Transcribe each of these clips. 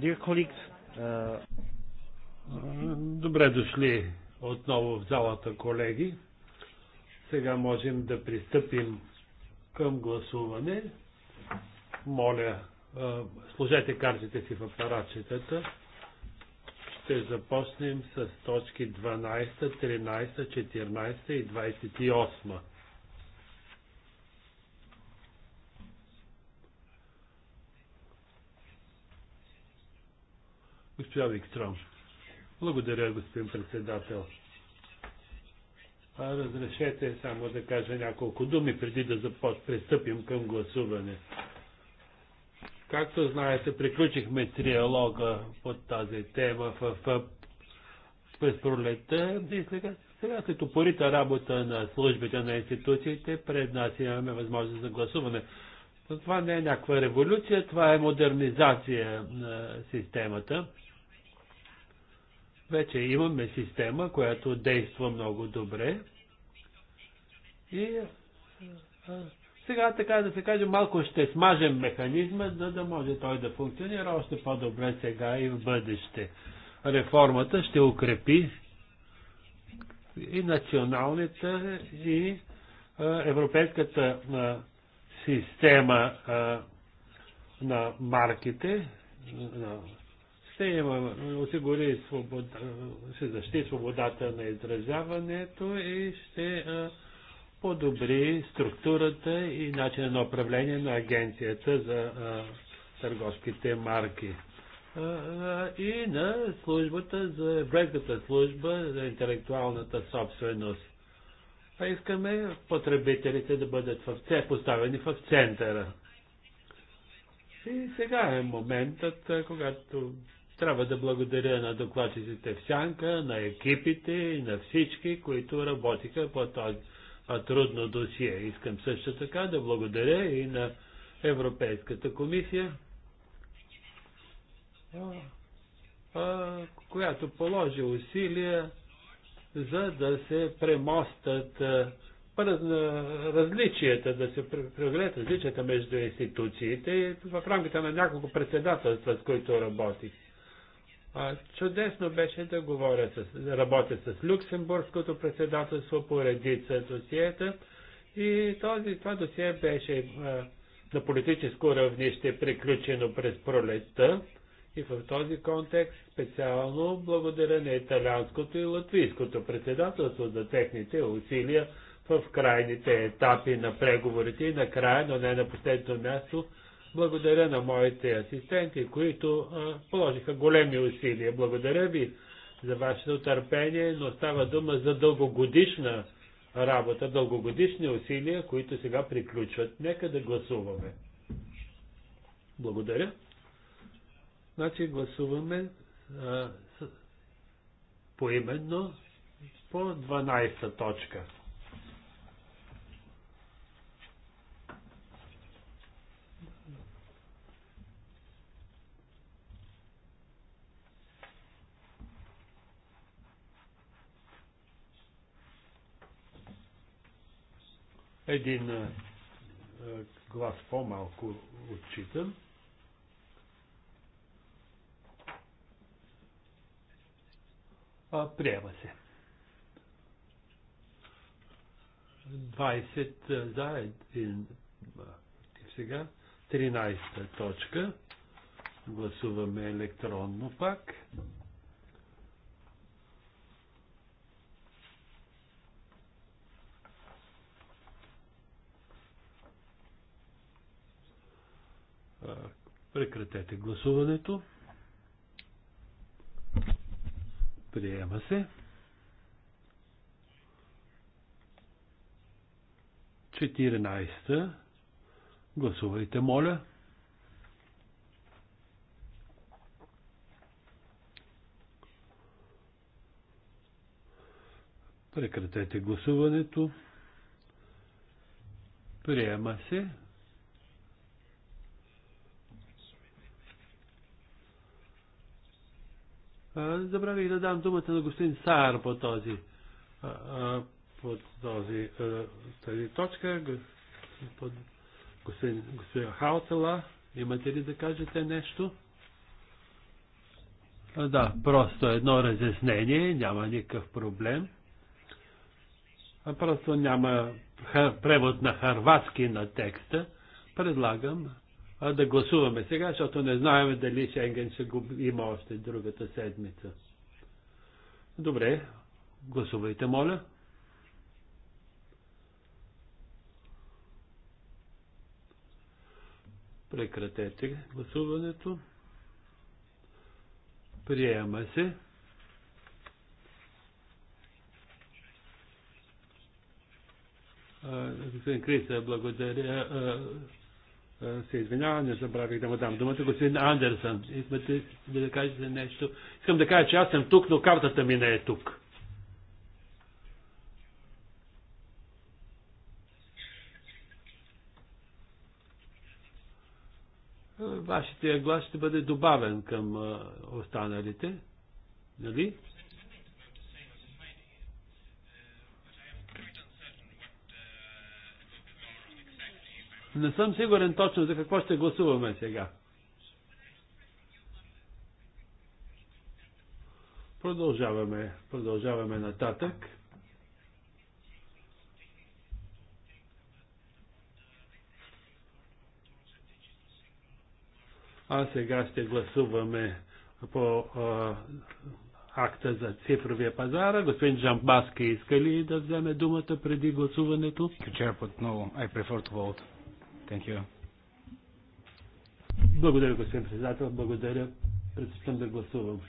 Dear colleagues, uh, Добре дошли отново в залата, колеги. Сега можем да пристъпим към гласуване. Моля, служете картите си в апаратчетата. Ще започнем с точки 12, 13, 14 и 28. Госпожа Викстром. Благодаря, господин председател. Разрешете само да кажа няколко думи преди да пристъпим към гласуване. Както знаете, приключихме триалога по тази тема в, в, през пролетта и сега, сега след упорита работа на службите на институциите, пред нас имаме възможност за гласуване. Това не е някаква революция, това е модернизация на системата. Вече имаме система, която действа много добре. И сега, така да се каже, малко ще смажем механизма, за да може той да функционира още по-добре сега и в бъдеще. Реформата ще укрепи и националната, и европейската система на марките, на се осигури свобода, се защити свободата на изразяването и ще подобри структурата и начина на управление на агенцията за търговските марки и на службата за еврейската служба за интелектуалната собственост. А искаме потребителите да бъдат в, поставени в центъра. И сега е моментът, когато трябва да благодаря на докладчиците в Сянка, на екипите и на всички, които работиха по този трудно досие. Искам също така да благодаря и на Европейската комисия, която положи усилия за да се премостат различията, да се преодолеят различията между институциите в рамките на няколко председателства, с които работих. Чудесно беше да говоря с, да работя с Люксембургското председателство по редица досиета и този, това досие беше а, на политическо равнище приключено през пролетта и в този контекст специално благодаря на италианското и латвийското председателство за техните усилия в крайните етапи на преговорите и накрая, но не на последното място, благодаря на моите асистенти, които а, положиха големи усилия. Благодаря ви за вашето търпение, но става дума за дългогодишна работа, дългогодишни усилия, които сега приключват. Нека да гласуваме. Благодаря. Значи гласуваме а, поименно по 12 точка. Един а, глас по-малко отчитам. А, приема се. 20 за един сега. 13 точка. Гласуваме електронно пак. Прекратете гласуването. Приема се. 14. Гласувайте, моля. Прекратете гласуването. Приема се. Забравих да дам думата на господин Саар по този по този тази точка. господин, господин Хаутела, имате ли да кажете нещо? Да, просто едно разяснение, няма никакъв проблем. Просто няма превод на харватски на текста. Предлагам а да гласуваме сега, защото не знаем дали Шенген ще го има още другата седмица. Добре, гласувайте, моля. Прекратете гласуването. Приема се. Господин Криса, благодаря се извинявам, не забравих да му дам думата. Господин Андерсън, искате да кажете нещо? Искам да кажа, че аз съм тук, но картата ми не е тук. Вашите глас ще бъде добавен към останалите. Нали? Не съм сигурен точно за какво ще гласуваме сега. Продължаваме, продължаваме нататък. А сега ще гласуваме по а, акта за цифровия пазар. Господин Джамбаски иска ли да вземе думата преди гласуването? Good job, but I prefer to vote. Thank you. Благодаря, господин председател. Благодаря. Предпочитам да гласувам.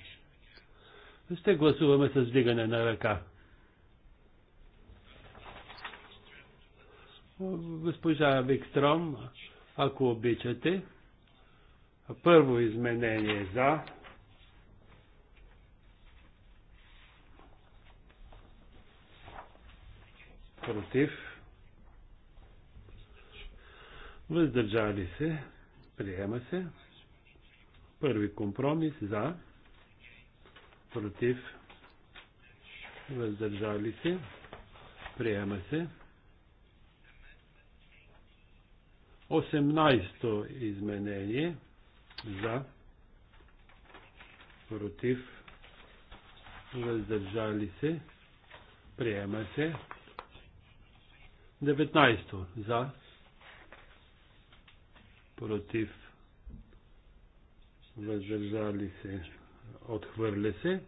Ще гласуваме с вдигане на ръка. Госпожа Викстром, ако обичате, първо изменение за, против, въздържали се, приема се. Първи компромис за, против, въздържали се, приема се. 18-то изменение за, против, въздържали се, приема се. 19-то за, против, въздържали се, отхвърля се.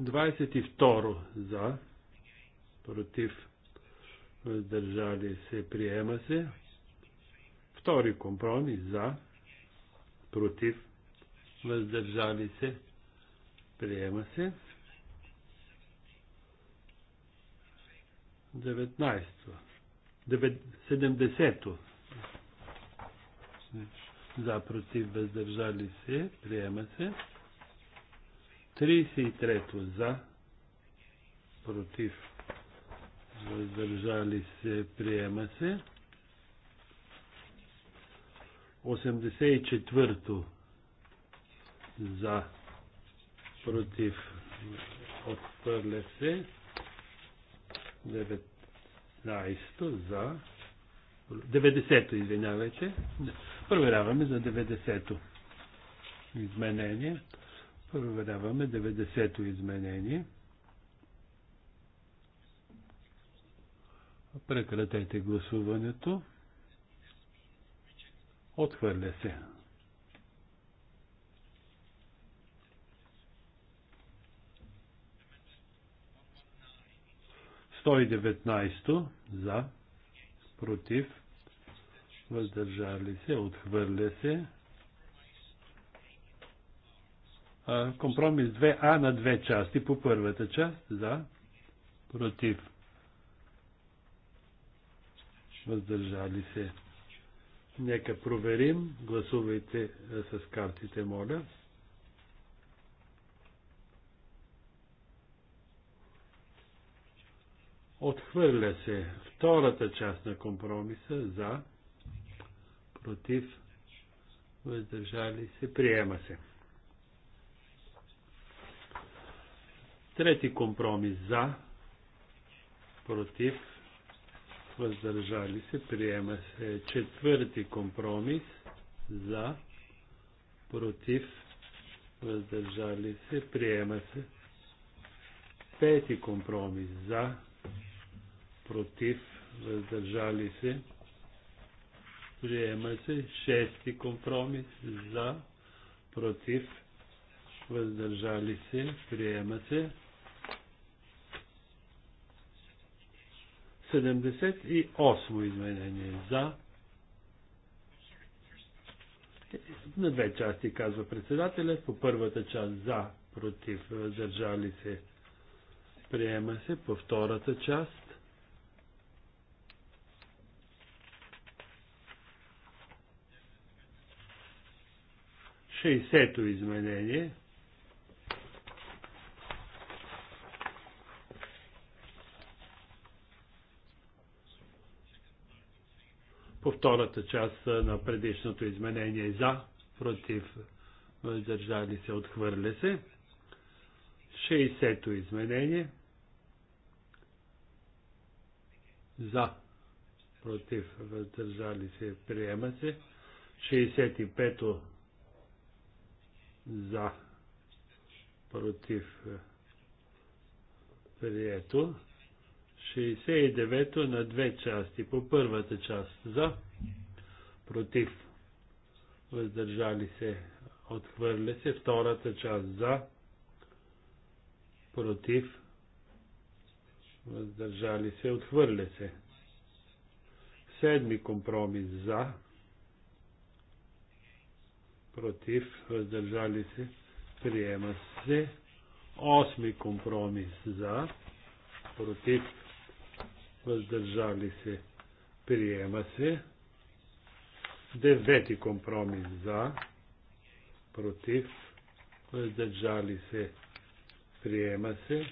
22 за, против, въздържали се, приема се. Втори компромис за, против, въздържали се, приема се. 19. 70-то за против въздържали се, приема се. 33-то за против въздържали се, приема се. 84-то за против отхвърля се. 19-то за 90-то, извинявайте. Проверяваме за 90-то изменение. Проверяваме 90-то изменение. Прекратете гласуването. Отхвърля се. Сто и деветнайсто за, против, въздържали се, отхвърля се. А, компромис 2А на две части. По първата част за, против, въздържали се. Нека проверим. Гласувайте с картите, моля. Отхвърля се втората част на компромиса за против, въздържали се, приема се. Трети компромис за, против, въздържали се, приема се. Четвърти компромис за, против, въздържали се, приема се. Пети компромис за, против, въздържали се, Приема се шести компромис за, против, въздържали се, приема се. 78 изменение за. На две части казва председателят. По първата част за, против, въздържали се, приема се. По втората част 60-то изменение. По втората част на предишното изменение за, против, въздържали се, отхвърля се. 60-то изменение. За, против, въздържали се, приема се. 65-то за против е, прието. 69-то на две части. По първата част за против въздържали се отхвърля се. Втората част за против въздържали се отхвърля се. Седми компромис за против, въздържали се, приема се. Осми компромис за, против, въздържали се, приема се. Девети компромис за, против, въздържали се, приема се.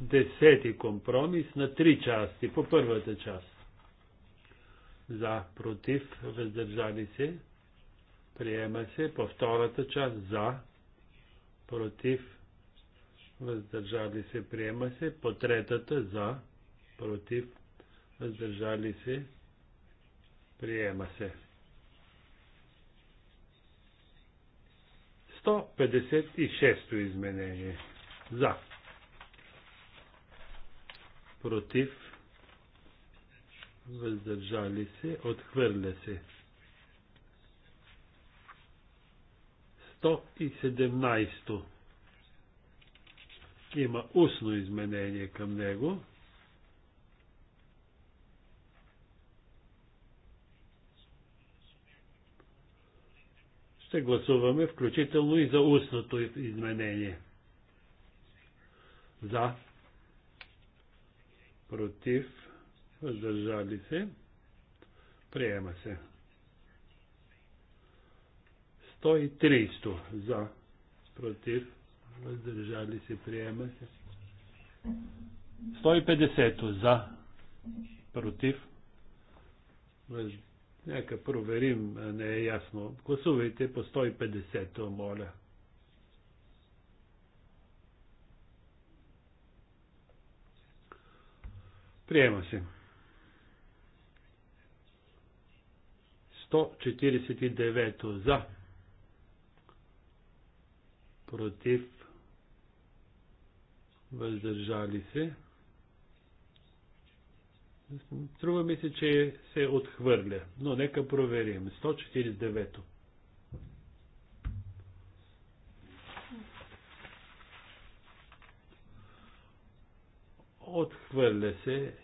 Десети компромис на три части, по първата част. За, против, въздържали се, Приема се по втората част за, против, въздържали се. Приема се по третата за, против, въздържали се. Приема се. 156-то изменение. За. Против. Въздържали се. Отхвърля се. 117. Има устно изменение към него. Ще гласуваме включително и за устното изменение. За. Против. Въздържали се. Приема се. 130 за, против, въздържали се, приема се. 150 за, против. Въз... Нека проверим, не е ясно. Гласувайте по 150, моля. Приема се. 149 за, против, въздържали се. Струва ми се, че се отхвърля, но нека проверим. 149-то. Отхвърля се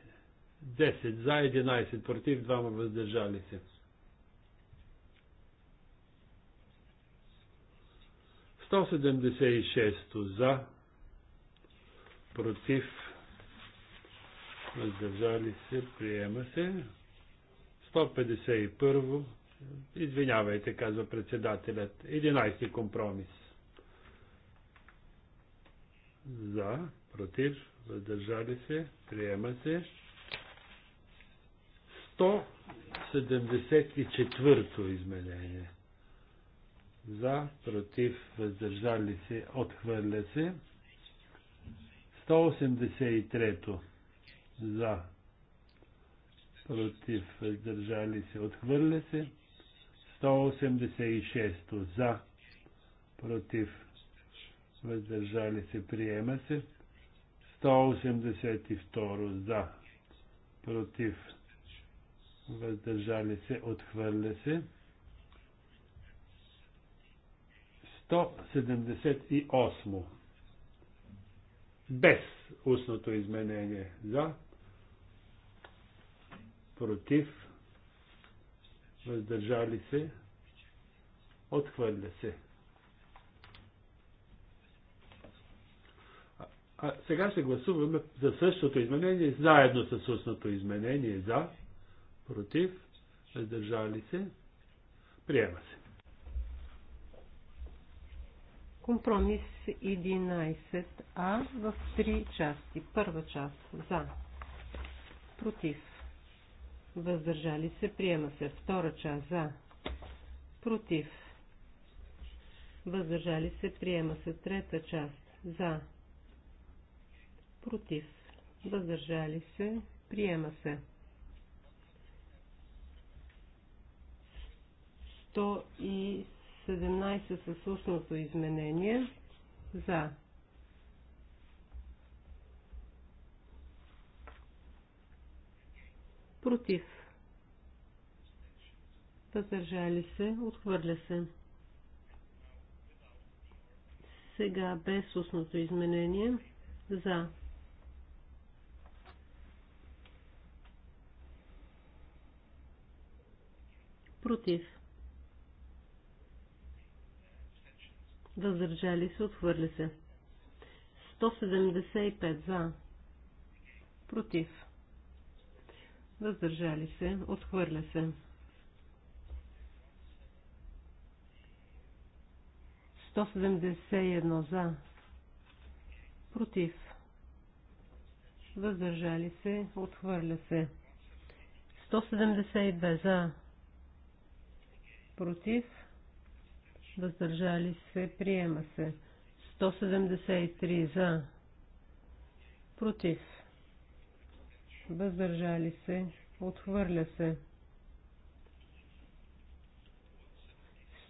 10 за 11 против 2 въздържали се. 176 за, против, въздържали се, приема се. 151, извинявайте, казва председателят, 11 компромис. За, против, въздържали се, приема се. 174 изменение за, против, въздържали се, отхвърля се. 183 за, против, въздържали се, отхвърля се. 186 за, против, въздържали се, приема се. 182 за, против, въздържали се, отхвърля се. 178. Без устното изменение. За. Против. Въздържали се. Отхвърля се. А сега ще гласуваме за същото изменение, заедно с устното изменение. За, против, въздържали се, приема се. Компромис 11А в три части. Първа част за, против, въздържали се, приема се. Втора част за, против, въздържали се, приема се. Трета част за, против, въздържали се, приема се. 17 с устното изменение. За. Против. Въздържали се. Отхвърля се. Сега без устното изменение. За. Против. въздържали се, отхвърля се. 175 за, против, въздържали се, отхвърля се. 171 за, против, въздържали се, отхвърля се. 172 за, против, въздържали се, приема се. 173 за, против, въздържали се, отхвърля се.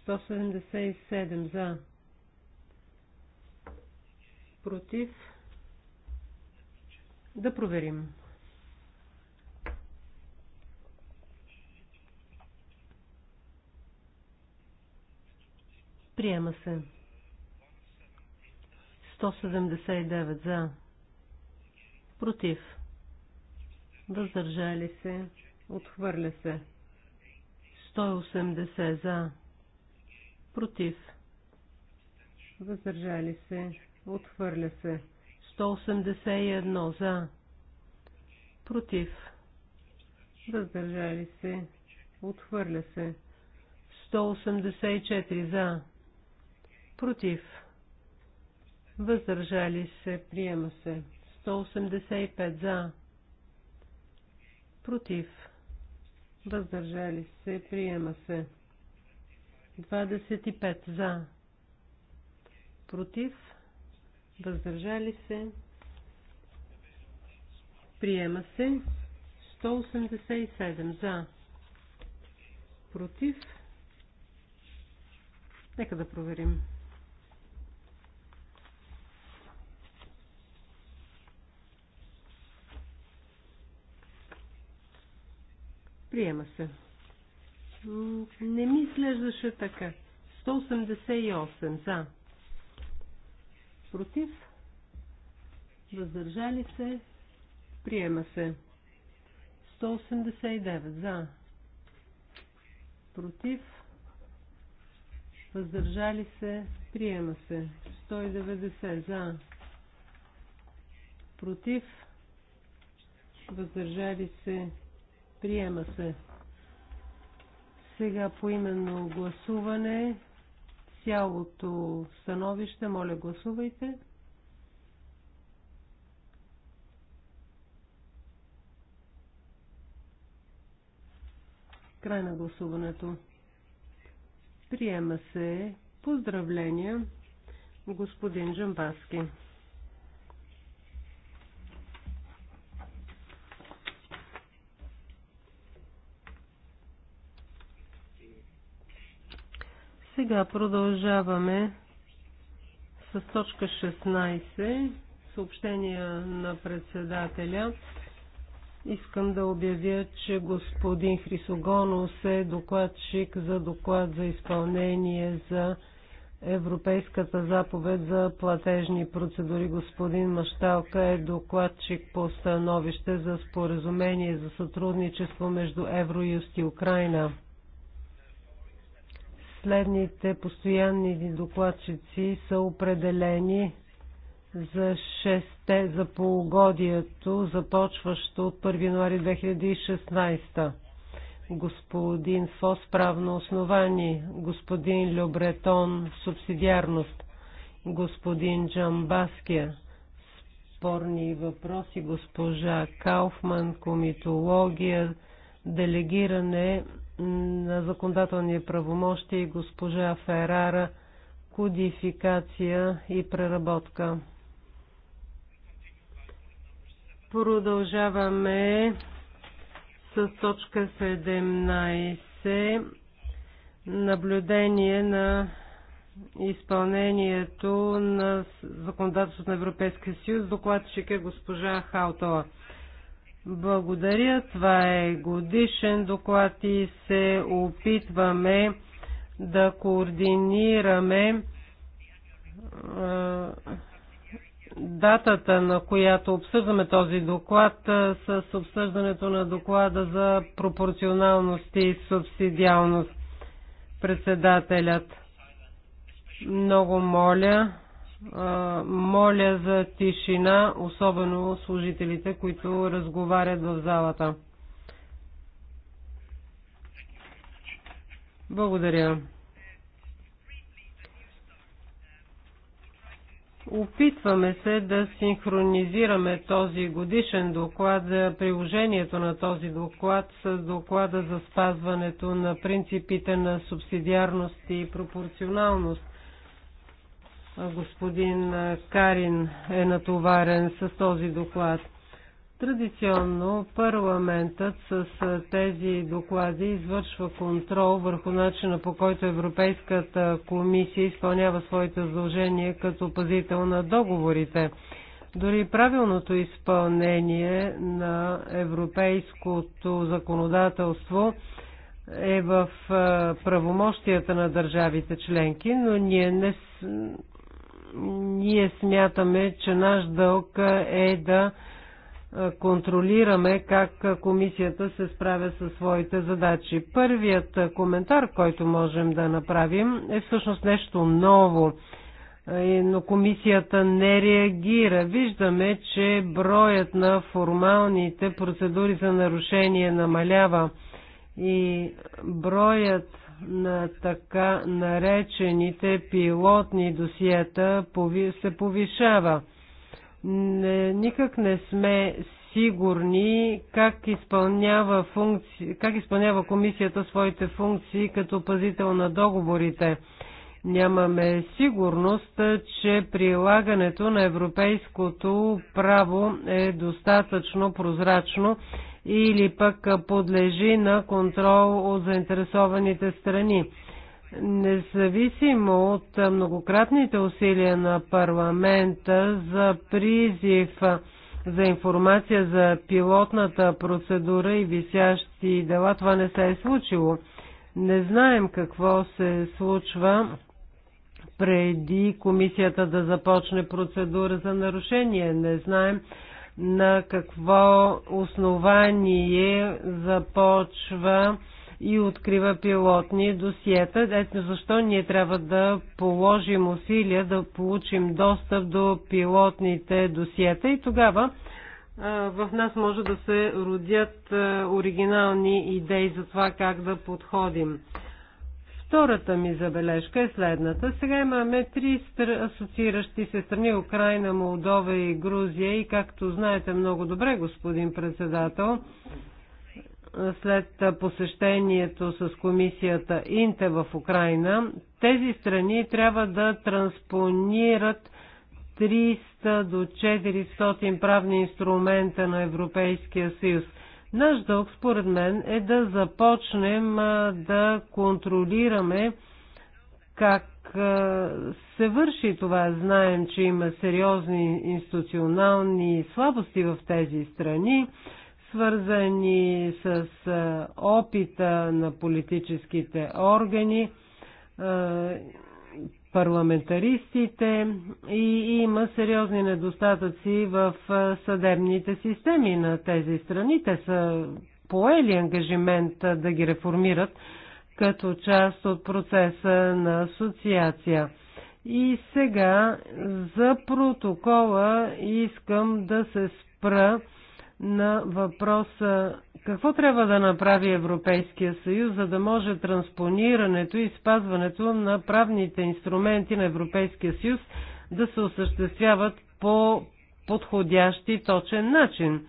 177 за, против, да проверим. Приема се. 179 за. Против. Въздържали се. Отхвърля се. 180 за. Против. Въздържали се. Отхвърля се. 181 за. Против. Въздържали се. Отхвърля се. 184 за. Против. Въздържали се. Приема се. 185 за. Против. Въздържали се. Приема се. 25 за. Против. Въздържали се. Приема се. 187 за. Против. Нека да проверим. Приема се. Не ми изглеждаше така. 188 за. Против. Въздържали се. Приема се. 189 за. Против. Въздържали се. Приема се. 190 за. Против. Въздържали се. Приема се. Сега по именно гласуване. Цялото становище, моля гласувайте. Край на гласуването. Приема се. Поздравления, господин Жамбаски. Сега продължаваме с точка 16. Съобщения на председателя. Искам да обявя, че господин Хрисогонос е докладчик за доклад за изпълнение за Европейската заповед за платежни процедури. Господин Машталка е докладчик по становище за споразумение за сътрудничество между Евроюст и Украина следните постоянни докладчици са определени за 6 за полугодието, започващо от 1 януари 2016. Господин Фос правно основание, господин Любретон субсидиарност, господин Джамбаския спорни въпроси, госпожа Кауфман комитология, делегиране на законодателни правомощи и госпожа Ферара кодификация и преработка. Продължаваме с точка 17 наблюдение на изпълнението на законодателството на Европейския съюз. Докладчик е госпожа Халтова. Благодаря. Това е годишен доклад и се опитваме да координираме датата, на която обсъждаме този доклад, с обсъждането на доклада за пропорционалност и субсидиалност. Председателят. Много моля моля за тишина, особено служителите, които разговарят в залата. Благодаря. Опитваме се да синхронизираме този годишен доклад за приложението на този доклад с доклада за спазването на принципите на субсидиарност и пропорционалност. Господин Карин е натоварен с този доклад. Традиционно парламентът с тези доклади извършва контрол върху начина по който Европейската комисия изпълнява своите задължения като пазител на договорите. Дори правилното изпълнение на европейското законодателство е в правомощията на държавите членки, но ние не, ние смятаме, че наш дълг е да контролираме как комисията се справя със своите задачи. Първият коментар, който можем да направим, е всъщност нещо ново, но комисията не реагира. Виждаме, че броят на формалните процедури за нарушение намалява и броят на така наречените пилотни досиета се повишава. Не, никак не сме сигурни как изпълнява, функци... как изпълнява комисията своите функции като пазител на договорите. Нямаме сигурност, че прилагането на европейското право е достатъчно прозрачно или пък подлежи на контрол от заинтересованите страни. Независимо от многократните усилия на парламента за призив за информация за пилотната процедура и висящи дела, това не се е случило. Не знаем какво се случва преди комисията да започне процедура за нарушение. Не знаем на какво основание започва и открива пилотни досиета. Ето защо ние трябва да положим усилия да получим достъп до пилотните досиета и тогава в нас може да се родят оригинални идеи за това как да подходим. Втората ми забележка е следната. Сега имаме три асоцииращи се страни Украина, Молдова и Грузия и както знаете много добре, господин председател, след посещението с комисията Инте в Украина, тези страни трябва да транспонират 300 до 400 правни инструмента на Европейския съюз – Наш дълг, според мен, е да започнем да контролираме как се върши това. Знаем, че има сериозни институционални слабости в тези страни, свързани с опита на политическите органи парламентаристите и има сериозни недостатъци в съдебните системи на тези страни. Те са поели ангажимент да ги реформират като част от процеса на асоциация. И сега за протокола искам да се спра на въпроса какво трябва да направи Европейския съюз, за да може транспонирането и спазването на правните инструменти на Европейския съюз да се осъществяват по подходящ и точен начин?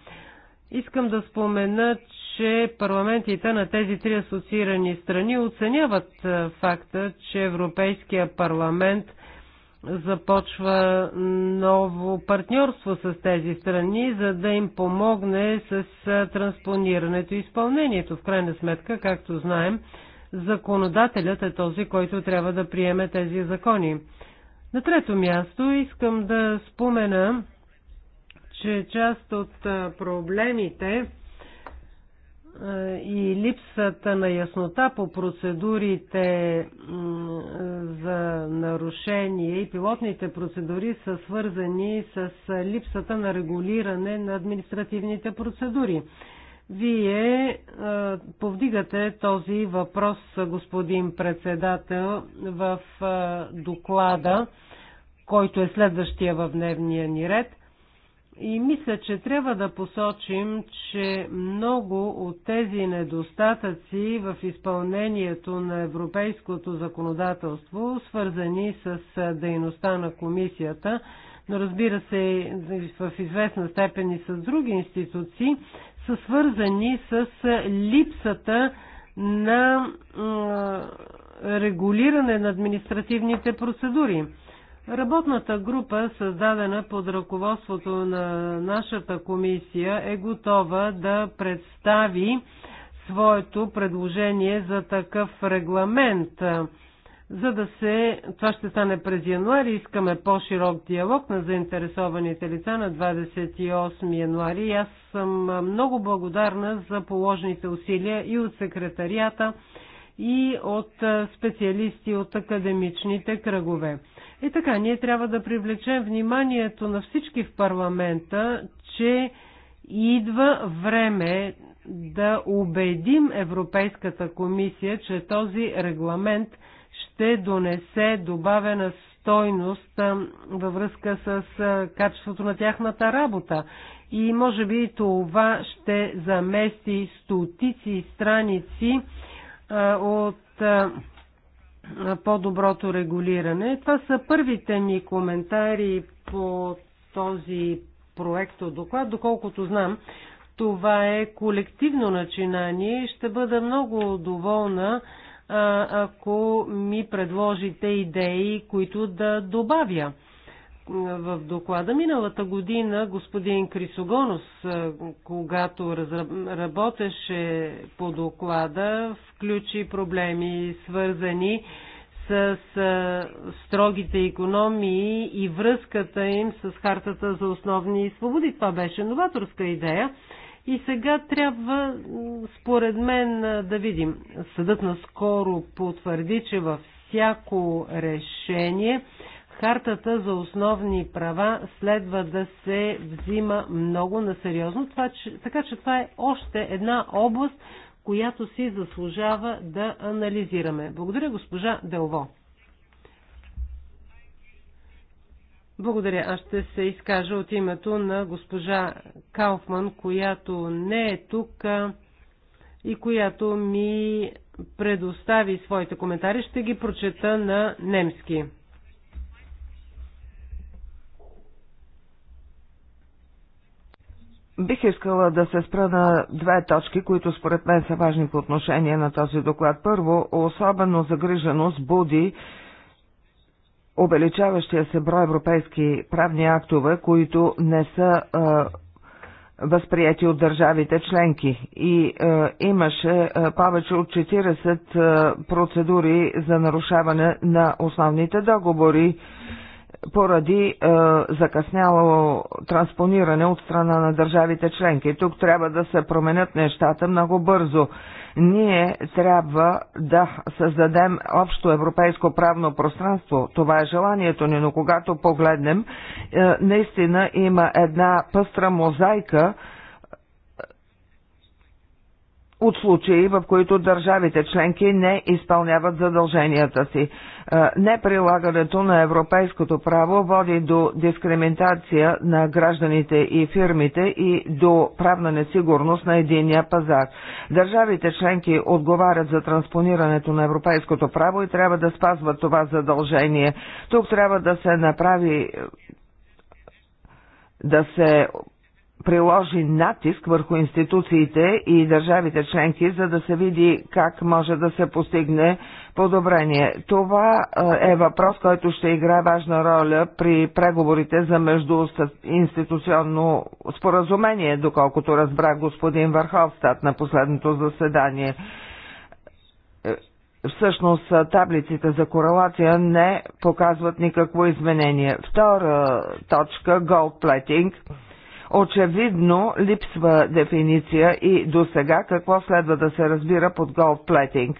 Искам да спомена, че парламентите на тези три асоциирани страни оценяват факта, че Европейския парламент – започва ново партньорство с тези страни, за да им помогне с транспонирането и изпълнението. В крайна сметка, както знаем, законодателят е този, който трябва да приеме тези закони. На трето място искам да спомена, че част от проблемите, и липсата на яснота по процедурите за нарушение и пилотните процедури са свързани с липсата на регулиране на административните процедури. Вие е, повдигате този въпрос, господин председател, в е, доклада, който е следващия в дневния ни ред. И мисля, че трябва да посочим, че много от тези недостатъци в изпълнението на европейското законодателство, свързани с дейността на комисията, но разбира се в известна степен и с други институции, са свързани с липсата на регулиране на административните процедури. Работната група, създадена под ръководството на нашата комисия, е готова да представи своето предложение за такъв регламент. За да се... Това ще стане през януари. Искаме по-широк диалог на заинтересованите лица на 28 януари. И аз съм много благодарна за положените усилия и от секретарията, и от специалисти от академичните кръгове. И така, ние трябва да привлечем вниманието на всички в парламента, че идва време да убедим Европейската комисия, че този регламент ще донесе добавена стойност във връзка с качеството на тяхната работа. И може би това ще замести стотици страници от по-доброто регулиране. Това са първите ми коментари по този проект от доклад. Доколкото знам, това е колективно начинание и ще бъда много доволна, ако ми предложите идеи, които да добавя в доклада. Миналата година господин Крисогонос, е, когато работеше по доклада, включи проблеми свързани с е, строгите економии и връзката им с хартата за основни свободи. Това беше новаторска идея. И сега трябва, според мен, е, да видим. Съдът наскоро потвърди, че във всяко решение Хартата за основни права следва да се взима много на сериозно, това, че, така че това е още една област, която си заслужава да анализираме. Благодаря, госпожа Делво. Благодаря. Аз ще се изкажа от името на госпожа Кауфман, която не е тук и която ми предостави своите коментари. Ще ги прочета на немски. Бих искала да се спра на две точки, които според мен са важни по отношение на този доклад. Първо, особено загриженост буди увеличаващия се брой европейски правни актове, които не са а, възприяти от държавите членки. И е, имаше е, повече от 40 е, процедури за нарушаване на основните договори поради е, закъсняло транспониране от страна на държавите членки. Тук трябва да се променят нещата много бързо. Ние трябва да създадем общо европейско правно пространство. Това е желанието ни, но когато погледнем, е, наистина има една пъстра мозайка, от случаи, в които държавите членки не изпълняват задълженията си. Е, неприлагането на европейското право води до дискриминация на гражданите и фирмите и до правна несигурност на единия пазар. Държавите членки отговарят за транспонирането на европейското право и трябва да спазват това задължение. Тук трябва да се направи е, да се приложи натиск върху институциите и държавите членки, за да се види как може да се постигне подобрение. Това е въпрос, който ще играе важна роля при преговорите за междуинституционно споразумение, доколкото разбра господин Върховстат на последното заседание. Е, всъщност таблиците за корелация не показват никакво изменение. Втора точка – gold Очевидно липсва дефиниция и до сега какво следва да се разбира под плетинг,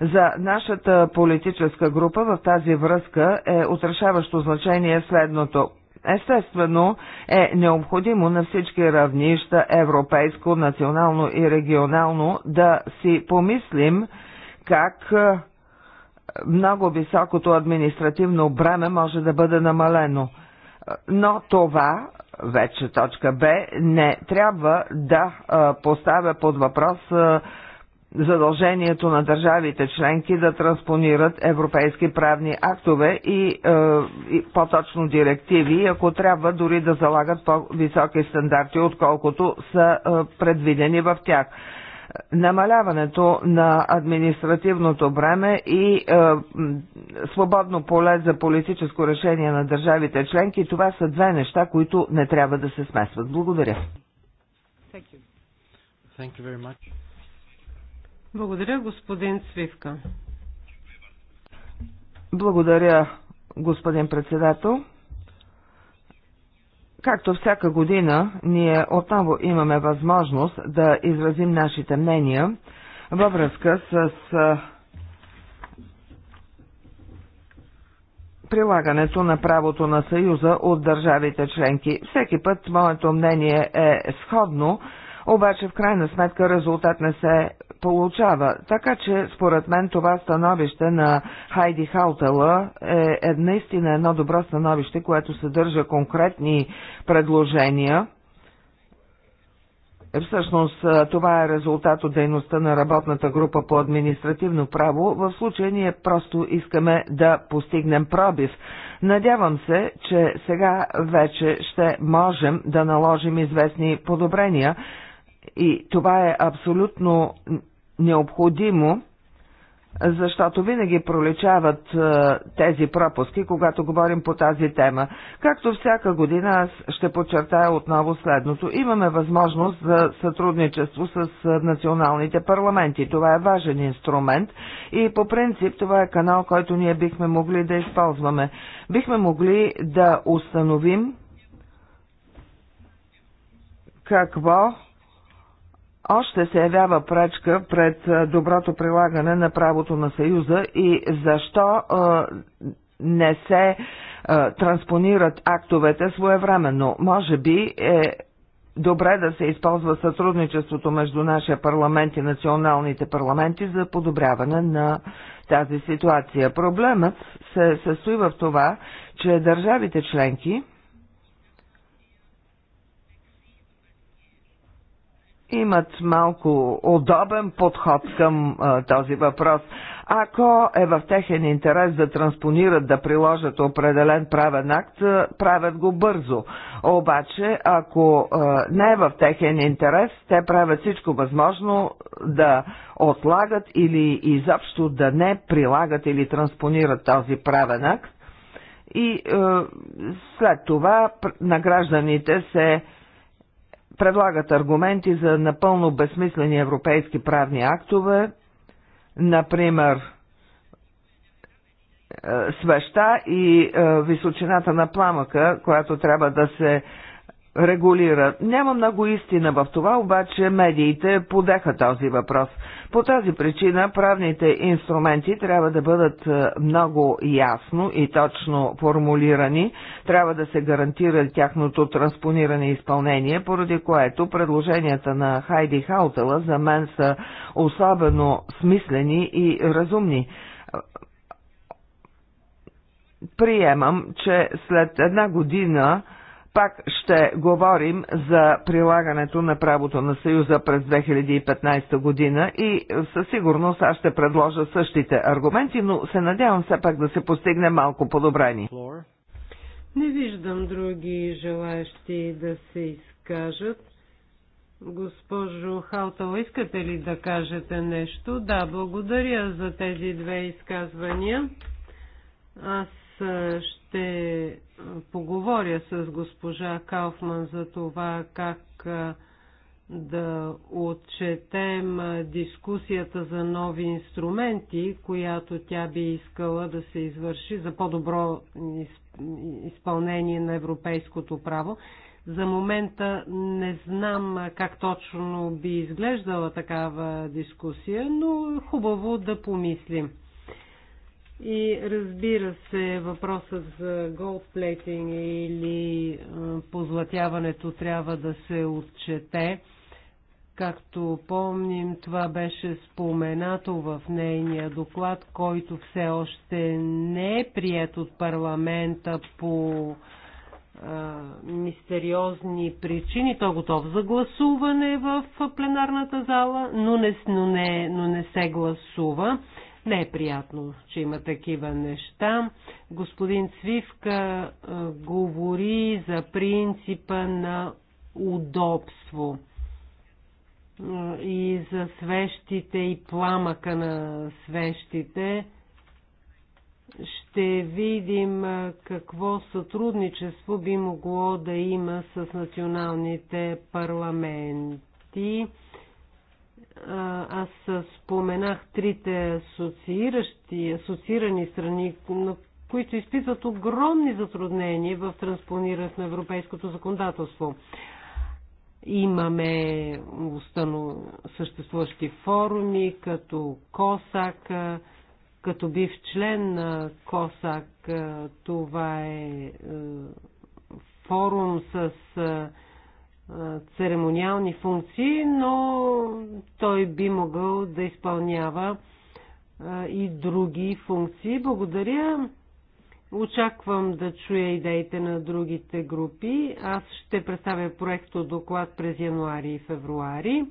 За нашата политическа група в тази връзка е отрешаващо значение следното. Естествено е необходимо на всички равнища, европейско, национално и регионално, да си помислим как е, много високото административно бреме може да бъде намалено. Е, но това вече точка Б, не трябва да поставя под въпрос задължението на държавите членки да транспонират европейски правни актове и, и по-точно директиви, ако трябва дори да залагат по-високи стандарти, отколкото са предвидени в тях намаляването на административното бреме и е, свободно поле за политическо решение на държавите членки, това са две неща, които не трябва да се смесват. Благодаря. Thank you. Thank you very much. Благодаря, господин Свивка. Благодаря, господин председател. Както всяка година, ние отново имаме възможност да изразим нашите мнения във връзка с прилагането на правото на Съюза от държавите членки. Всеки път моето мнение е сходно, обаче в крайна сметка резултат не се получава. Така че, според мен, това становище на Хайди Халтела е, е наистина едно добро становище, което съдържа конкретни предложения. Е, всъщност това е резултат от дейността на работната група по административно право. В случая ние просто искаме да постигнем пробив. Надявам се, че сега вече ще можем да наложим известни подобрения и това е абсолютно необходимо, защото винаги проличават а, е, тези пропуски, когато говорим по тази тема. Както всяка година, аз ще подчертая отново следното. Имаме възможност за сътрудничество с е, националните парламенти. Това е важен инструмент и по принцип това е канал, който ние бихме могли да използваме. Бихме могли да установим какво още се явява пречка пред доброто прилагане на правото на Съюза и защо не се транспонират актовете своевременно. Може би е добре да се използва сътрудничеството между нашия парламент и националните парламенти за подобряване на тази ситуация. Проблемът се състои в това, че държавите членки имат малко удобен подход към а, този въпрос. Ако е в техен интерес да транспонират, да приложат определен правен акт, правят го бързо. Обаче, ако а, не е в техен интерес, те правят всичко възможно да отлагат или изобщо да не прилагат или транспонират този правен акт. И е, след това на гражданите се предлагат аргументи за напълно безсмислени европейски правни актове, например е, свеща и е, височината на пламъка, която трябва да се регулира. Няма много истина в това, обаче медиите подеха този въпрос. По тази причина правните инструменти трябва да бъдат е, много ясно и точно формулирани, трябва да се гарантира тяхното транспониране и изпълнение, поради което предложенията на Хайди Хаутела за мен са особено смислени и разумни приемам, че след една година пак ще говорим за прилагането на правото на Съюза през 2015 година и със сигурност аз ще предложа същите аргументи, но се надявам все пак да се постигне малко подобрение. Не виждам други желаящи да се изкажат. Госпожо Халтала, искате ли да кажете нещо? Да, благодаря за тези две изказвания. Аз ще поговоря с госпожа Кауфман за това как да отчетем дискусията за нови инструменти, която тя би искала да се извърши за по-добро изпълнение на европейското право. За момента не знам как точно би изглеждала такава дискусия, но е хубаво да помислим. И разбира се, въпросът за голдплейтинг или позлатяването трябва да се отчете. Както помним, това беше споменато в нейния доклад, който все още не е прият от парламента по а, мистериозни причини. Той е готов за гласуване в пленарната зала, но не, но не, но не се гласува. Не е приятно, че има такива неща. Господин Цвивка а, говори за принципа на удобство а, и за свещите и пламъка на свещите. Ще видим какво сътрудничество би могло да има с националните парламенти аз споменах трите асоцииращи, асоциирани страни, на които изпитват огромни затруднения в транспонирането на европейското законодателство. Имаме устано съществуващи форуми, като КОСАК, като бив член на КОСАК, това е форум с церемониални функции, но той би могъл да изпълнява и други функции. Благодаря. Очаквам да чуя идеите на другите групи. Аз ще представя проекто доклад през януари и февруари.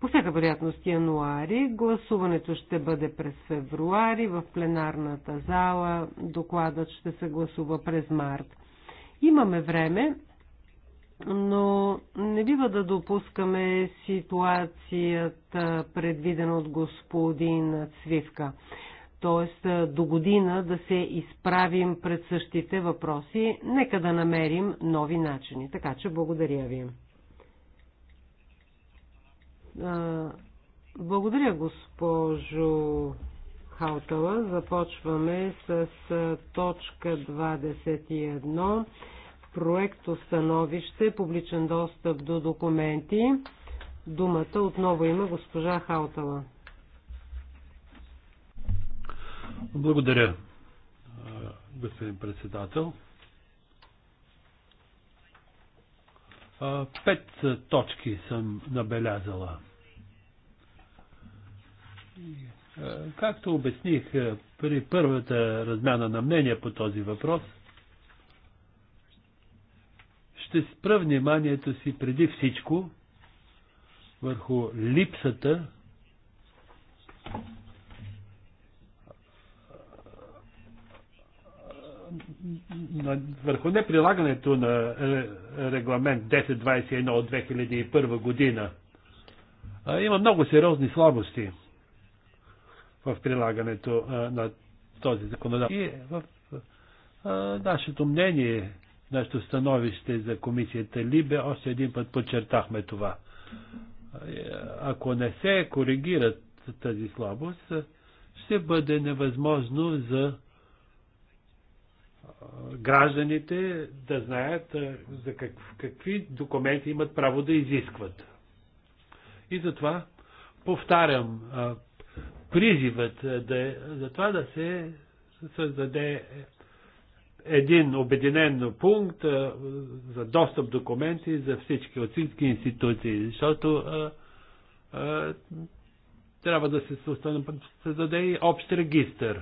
По всяка вероятност януари. Гласуването ще бъде през февруари в пленарната зала. Докладът ще се гласува през март. Имаме време но не бива да допускаме ситуацията, предвидена от господин Цвивка. Т.е. до година да се изправим пред същите въпроси, нека да намерим нови начини. Така че благодаря ви. Благодаря, госпожо Хаутала. Започваме с точка 21 проекто становище, публичен достъп до документи. Думата отново има госпожа Хаутала. Благодаря, господин председател. Пет точки съм набелязала. Както обясних при първата размяна на мнение по този въпрос – ще спра вниманието си преди всичко върху липсата върху неприлагането на регламент 1021 от 2001 година. Има много сериозни слабости в прилагането на този законодател. И в нашето мнение нашето становище за комисията Либе, още един път подчертахме това. Ако не се коригират тази слабост, ще бъде невъзможно за гражданите да знаят за какви документи имат право да изискват. И затова повтарям призивът да, е, за това да се създаде един обединен пункт а, за достъп документи за всички, от всички институции, защото а, а, трябва да се създаде и общ регистр.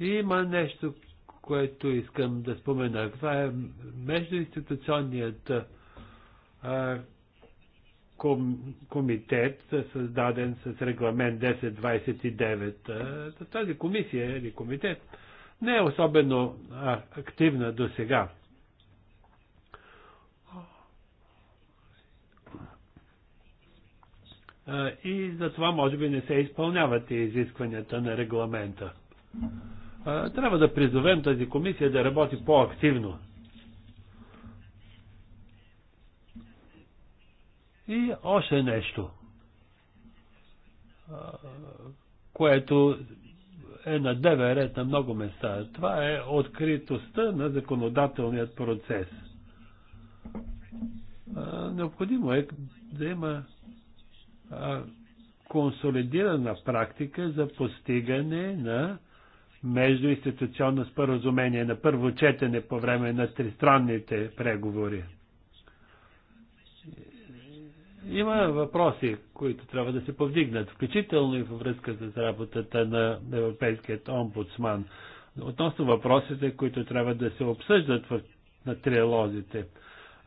Има нещо, което искам да спомена. Това е междуинституционният а, ком, комитет, създаден с регламент 1029. Тази комисия или комитет не е особено активна до сега. И затова може би не се изпълняват и изискванията на регламента. Трябва да призовем тази комисия да работи по-активно. И още нещо, което е на дневен ред на много места. Това е откритостта на законодателният процес. Необходимо е да има консолидирана практика за постигане на междуинституционно споразумение на първо четене по време на тристранните преговори. Има въпроси, които трябва да се повдигнат, включително и във връзка с работата на Европейският омбудсман, относно въпросите, които трябва да се обсъждат в, на триалозите.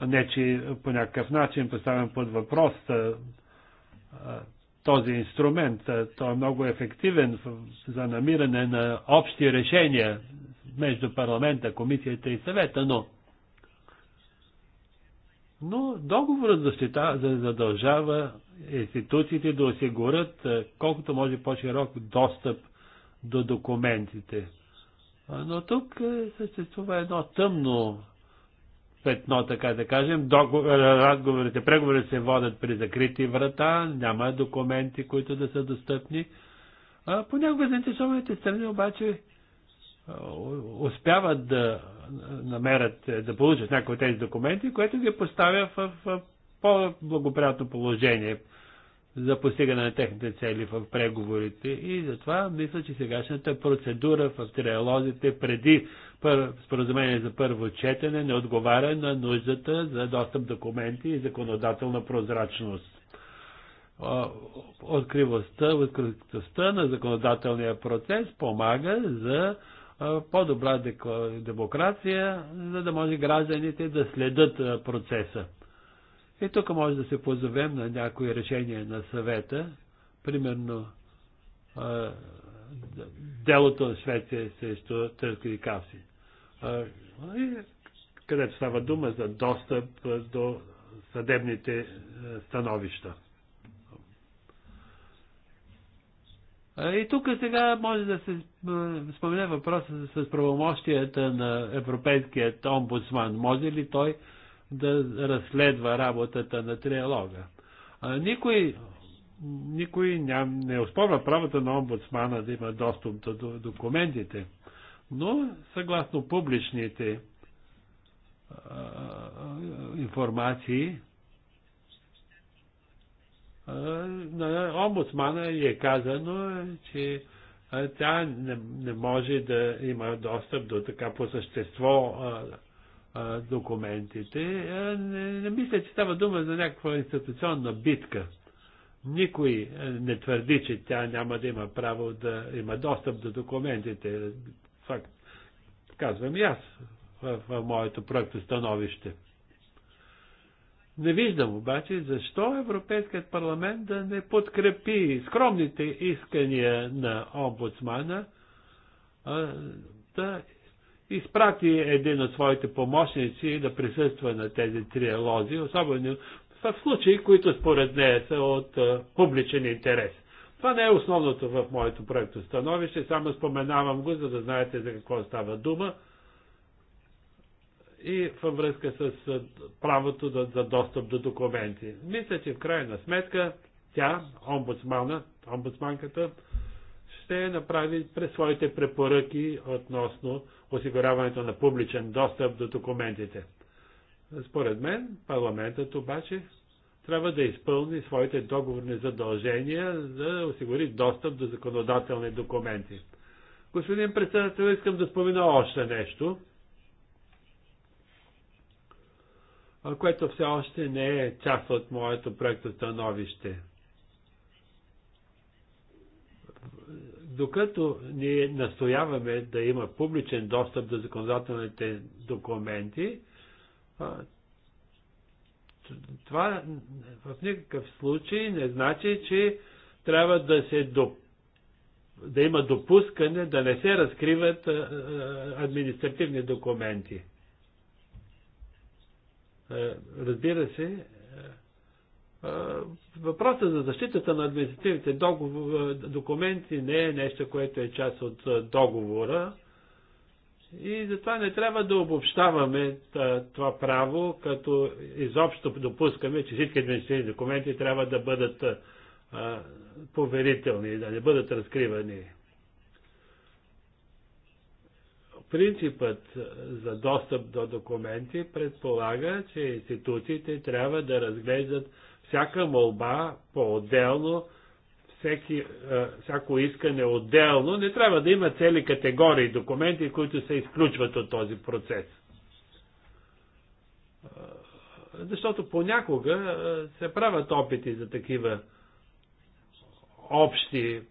Не, че по някакъв начин поставям под въпрос а, а, този инструмент. А, той е много ефективен в, за намиране на общи решения между парламента, комисията и съвета, но но договорът задължава институциите да осигурят е, колкото може по-широк достъп до документите. Но тук е, съществува едно тъмно петно, така да кажем. Е, разговорите, преговорите се водят при закрити врата, няма документи, които да са достъпни. понякога заинтересованите страни обаче успяват да намерят да получат някои от тези документи, което ги поставя в, в по-благоприятно положение за постигане на техните цели в преговорите. И затова мисля, че сегашната процедура в триалозите преди споразумение за първо четене не отговаря на нуждата за достъп документи и законодателна прозрачност. Откривостта, откритостта на законодателния процес помага за по-добра демокрация, за да може гражданите да следят процеса. И тук може да се позовем на някои решения на съвета, примерно делото на Швеция срещу търски кавси, където става дума за достъп до съдебните становища. И тук сега може да се спомене въпроса с правомощията на Европейският омбудсман. Може ли той да разследва работата на триалога? Никой, никой ням, не оспорва правата на омбудсмана да има достъп до документите, но съгласно публичните информации, на омбудсмана е казано, че тя не, не може да има достъп до така по същество а, а, документите. Не, не мисля, че става дума за някаква институционна битка. Никой не твърди, че тя няма да има право да има достъп до документите. Факт. казвам и аз в, в моето проекто становище. Не виждам обаче защо Европейският парламент да не подкрепи скромните искания на омбудсмана а, да изпрати един от своите помощници да присъства на тези триалози, особено в случаи, които според нея са от а, публичен интерес. Това не е основното в моето проекто становище, само споменавам го, за да знаете за какво става дума и във връзка с правото да, за достъп до документи. Мисля, че в крайна сметка тя, омбудсмана, омбудсманката, ще направи през своите препоръки относно осигуряването на публичен достъп до документите. Според мен, парламентът обаче трябва да изпълни своите договорни задължения за да осигури достъп до законодателни документи. Господин председател, искам да спомена още нещо – което все още не е част от моето проекто становище. Докато ние настояваме да има публичен достъп до законодателните документи, това в никакъв случай не значи, че трябва да се доп... да има допускане да не се разкриват административни документи. Е, разбира се, е, е, въпросът за защитата на административните документи не е нещо, което е част от договора. И затова не трябва да обобщаваме това право, като изобщо допускаме, че всички административни документи трябва да бъдат поверителни, да не бъдат разкривани. принципът е, за достъп до документи предполага, че институциите трябва да разглеждат всяка молба по-отделно, всеки, е, всяко искане отделно. Не трябва да има цели категории документи, които се изключват от този процес. Е, защото понякога се правят опити за такива общи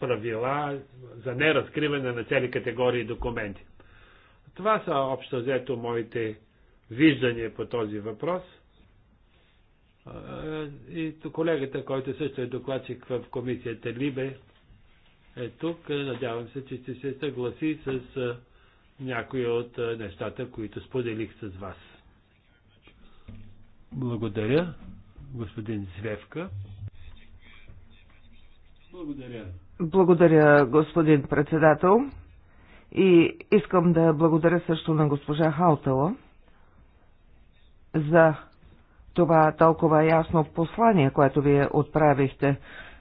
правила за неразкриване на цели категории документи. Това са общо взето моите виждания по този въпрос. И колегата, който също е докладчик в комисията Либе, е тук. Надявам се, че ще се съгласи с някои от нещата, които споделих с вас. Благодаря, господин Звевка. Благодаря. Благодаря, господин председател. И искам да благодаря също на госпожа Хаутела за това толкова ясно послание, което вие отправихте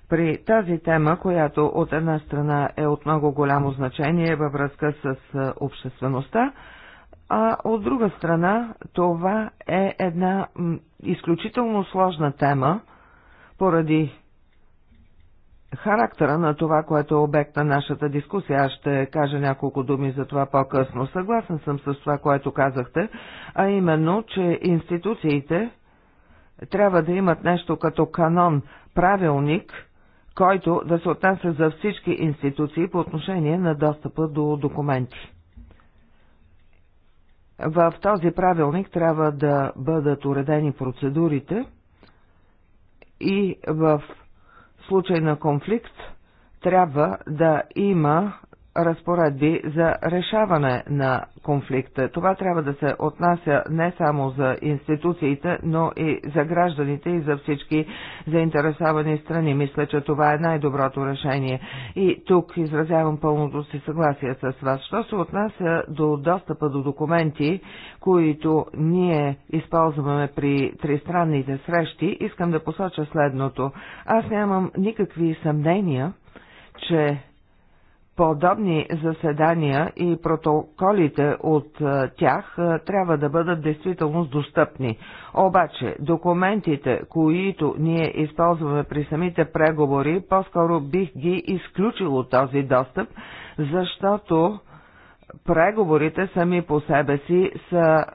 при тази тема, която от една страна е от много голямо значение във връзка с обществеността, а от друга страна това е една изключително сложна тема, поради характера на това, което е обект на нашата дискусия. Аз ще кажа няколко думи за това по-късно. Съгласен съм с това, което казахте, а именно, че институциите трябва да имат нещо като канон, правилник, който да се отнася за всички институции по отношение на достъпа до документи. В този правилник трябва да бъдат уредени процедурите и в случай на конфликт трябва да има разпоредби за решаване на конфликта. Това трябва да се отнася не само за институциите, но и за гражданите и за всички заинтересовани страни. Мисля, че това е най-доброто решение. И тук изразявам пълното си съгласие с вас. Що се отнася до достъпа до документи, които ние използваме при тристранните срещи, искам да посоча следното. Аз нямам никакви съмнения, че подобни заседания и протоколите от е, тях е, трябва да бъдат действително достъпни. Обаче документите, които ние използваме при самите преговори, по-скоро бих ги изключил от този достъп, защото преговорите сами по себе си са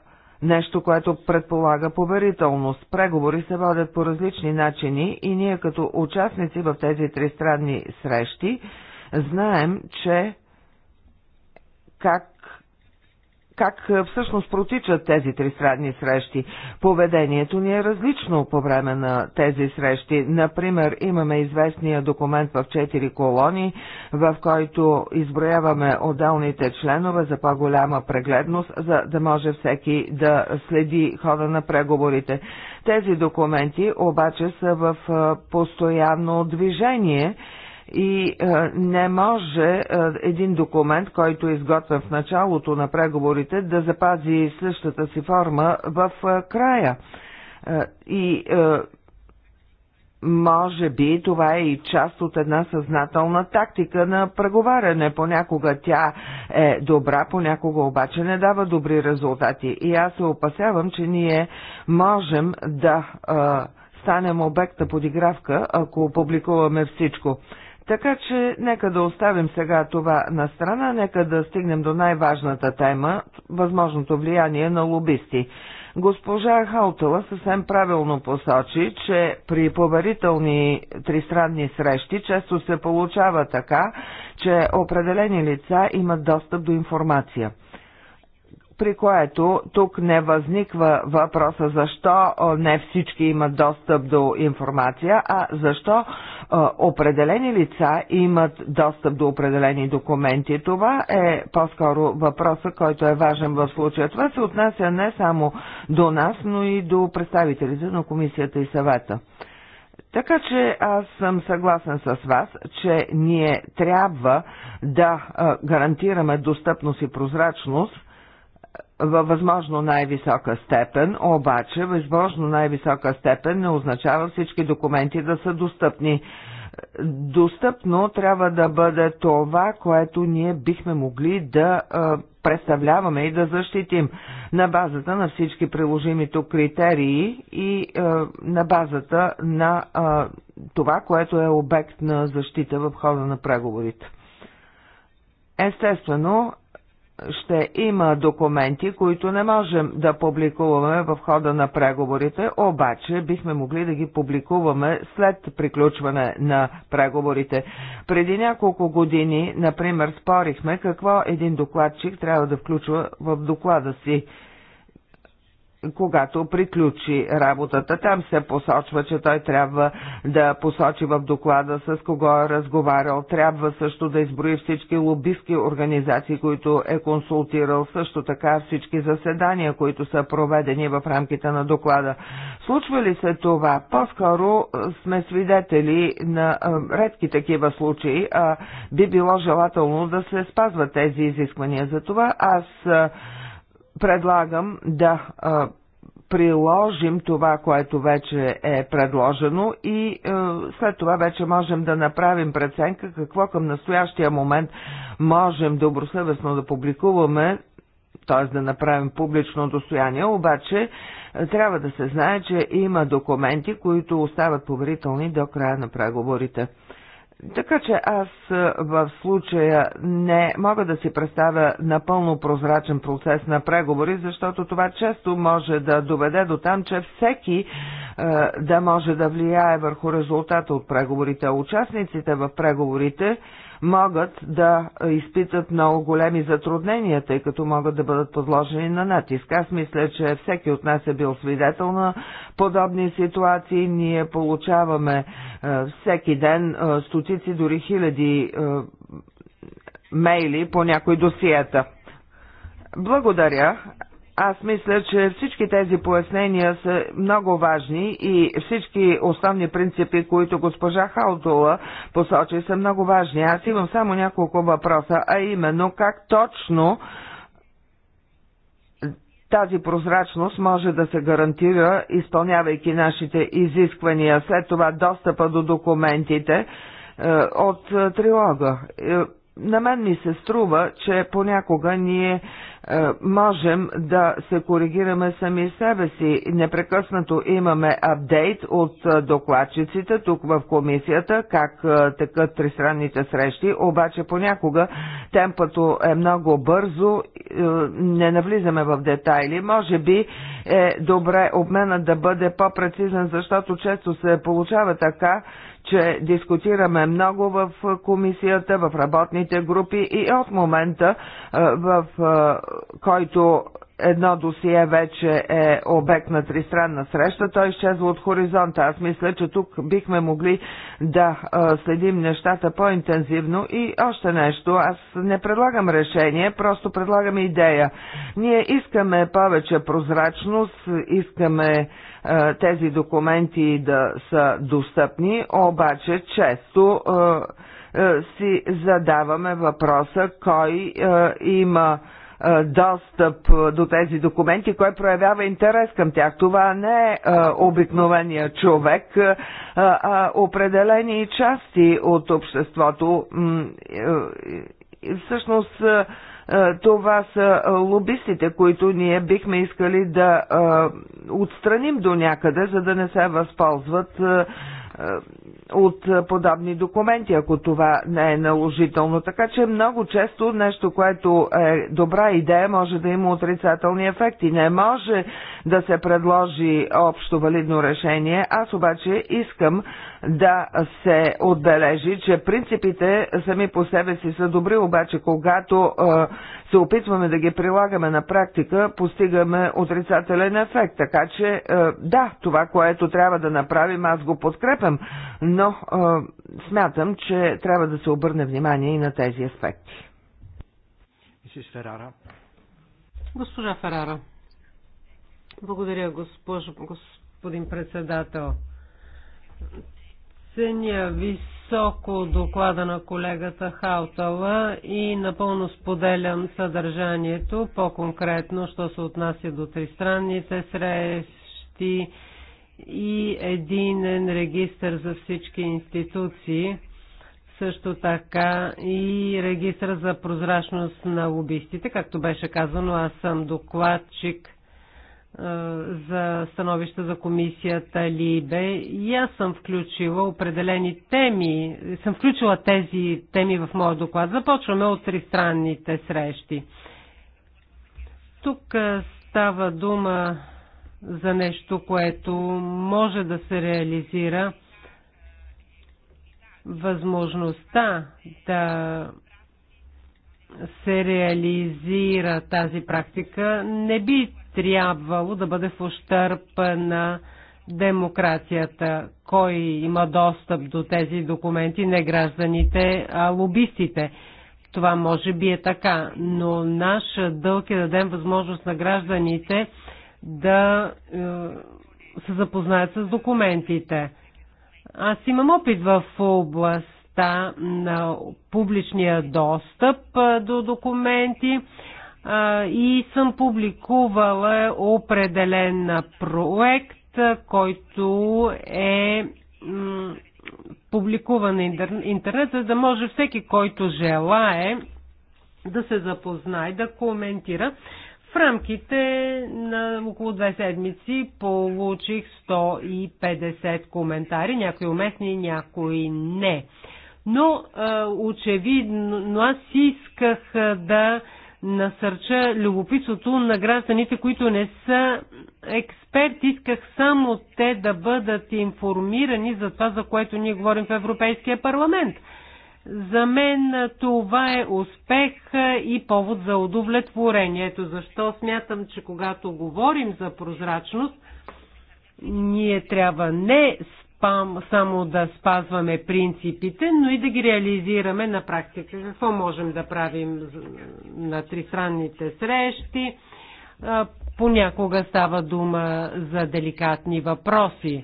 Нещо, което предполага поверителност. Преговори се водят по различни начини и ние като участници в тези тристранни срещи знаем, че как как е, всъщност протичат тези тристранни срещи. Поведението ни е различно по време на тези срещи. Например, имаме известния документ в четири колони, в който изброяваме отделните членове за по-голяма прегледност, за да може всеки да следи хода на преговорите. Тези документи обаче са в е, постоянно движение и е, не може е, един документ, който е изготвен в началото на преговорите, да запази същата си форма в е, края. И може би това е и част от една съзнателна тактика на преговаряне. Понякога тя е добра, понякога обаче не дава добри резултати. И аз се опасявам, че ние можем да а, станем обект на подигравка, ако публикуваме всичко. Така че нека да оставим сега това на страна, нека да стигнем до най-важната тема – възможното влияние на лобисти. Госпожа Хаутала съвсем правилно посочи, че при поверителни тристранни срещи често се получава така, че определени лица имат достъп до информация при което тук не възниква въпроса защо не всички имат достъп до информация, а защо определени лица имат достъп до определени документи. Това е по-скоро въпроса, който е важен в случая. Това се отнася не само до нас, но и до представителите на комисията и съвета. Така че аз съм съгласен с вас, че ние трябва да гарантираме достъпност и прозрачност – във възможно най-висока степен, обаче възможно най-висока степен не означава всички документи да са достъпни. Достъпно трябва да бъде това, което ние бихме могли да а, представляваме и да защитим на базата на всички приложимите критерии и а, на базата на а, това, което е обект на защита в хода на преговорите. Естествено, ще има документи, които не можем да публикуваме в хода на преговорите, обаче бихме могли да ги публикуваме след приключване на преговорите. Преди няколко години, например, спорихме какво един докладчик трябва да включва в доклада си когато приключи работата. Там се посочва, че той трябва да посочи в доклада с кого е разговарял. Трябва също да изброи всички лобистки организации, които е консултирал, също така всички заседания, които са проведени в рамките на доклада. Случва ли се това? По-скоро сме свидетели на редки такива случаи. А би било желателно да се спазват тези изисквания. Затова аз предлагам да а, приложим това, което вече е предложено и а, след това вече можем да направим преценка какво към настоящия момент можем добросъвестно да публикуваме, т.е. да направим публично достояние, обаче трябва да се знае, че има документи, които остават поверителни до края на преговорите. Така че аз в случая не мога да си представя напълно прозрачен процес на преговори, защото това често може да доведе до там, че всеки е, да може да влияе върху резултата от преговорите. Участниците в преговорите могат да изпитат много големи затруднения, тъй като могат да бъдат подложени на натиск. Аз мисля, че всеки от нас е бил свидетел на подобни ситуации. Ние получаваме е, всеки ден е, стотици, дори хиляди е, мейли по някои досиета. Благодаря. Аз мисля, че всички тези пояснения са много важни и всички основни принципи, които госпожа Халдула посочи, са много важни. Аз имам само няколко въпроса, а именно как точно тази прозрачност може да се гарантира, изпълнявайки нашите изисквания, след това достъпа до документите е, от е, трилога. Е, на мен ми се струва, че понякога ние е, можем да се коригираме сами себе си. Непрекъснато имаме апдейт от е, докладчиците тук в комисията, как е, текат тристранните срещи, обаче понякога темпото е много бързо, не навлизаме в детайли. Може би е добре обмена да бъде по-прецизен, защото често се получава така, че дискутираме много в комисията, в работните групи и от момента, в който едно досие вече е обект на тристранна среща, той е изчезва от хоризонта. Аз мисля, че тук бихме могли да следим нещата по-интензивно и още нещо. Аз не предлагам решение, просто предлагам идея. Ние искаме повече прозрачност, искаме тези документи да са достъпни, обаче често си задаваме въпроса кой има е, достъп е, до тези документи, кой проявява интерес към тях. Това не е, е обикновения човек, а определени части от обществото. Всъщност това са лобистите, които ние бихме искали да отстраним до някъде, за да не се възползват е, от подобни документи, ако това не е наложително. Така че много често нещо, което е добра идея, може да има отрицателни ефекти. Не може да се предложи общо валидно решение. Аз обаче искам да се отбележи, че принципите сами по себе си са добри, обаче когато е, се опитваме да ги прилагаме на практика, постигаме отрицателен ефект. Така че, е, да, това, което трябва да направим, аз го подкрепям, но е, смятам, че трябва да се обърне внимание и на тези аспекти. Госпожа Ферара. Благодаря, госпожо, господин председател. Ценя ви високо доклада на колегата Хаутова и напълно споделям съдържанието, по-конкретно, що се отнася до тристранните срещи и единен регистр за всички институции, също така и регистр за прозрачност на лобистите, както беше казано, аз съм докладчик – за становища за комисията бе. и аз съм включила определени теми, съм включила тези теми в моя доклад. Започваме от тристранните срещи. Тук става дума за нещо, което може да се реализира. Възможността да се реализира тази практика не би трябвало да бъде в ущърп на демокрацията. Кой има достъп до тези документи? Не гражданите, а лобистите. Това може би е така, но наш дълг е да дадем възможност на гражданите да е, се запознаят с документите. Аз имам опит в областта на публичния достъп е, до документи и съм публикувала определен проект, който е публикуван на интернет, за да може всеки, който желае да се запознае, да коментира. В рамките на около две седмици получих 150 коментари, някои уместни, някои не. Но очевидно, аз исках да насърча любопитството на гражданите, които не са експерти. Исках само те да бъдат информирани за това, за което ние говорим в Европейския парламент. За мен това е успех и повод за удовлетворението. Защо смятам, че когато говорим за прозрачност, ние трябва не само да спазваме принципите, но и да ги реализираме на практика. Какво можем да правим на тристранните срещи? Понякога става дума за деликатни въпроси.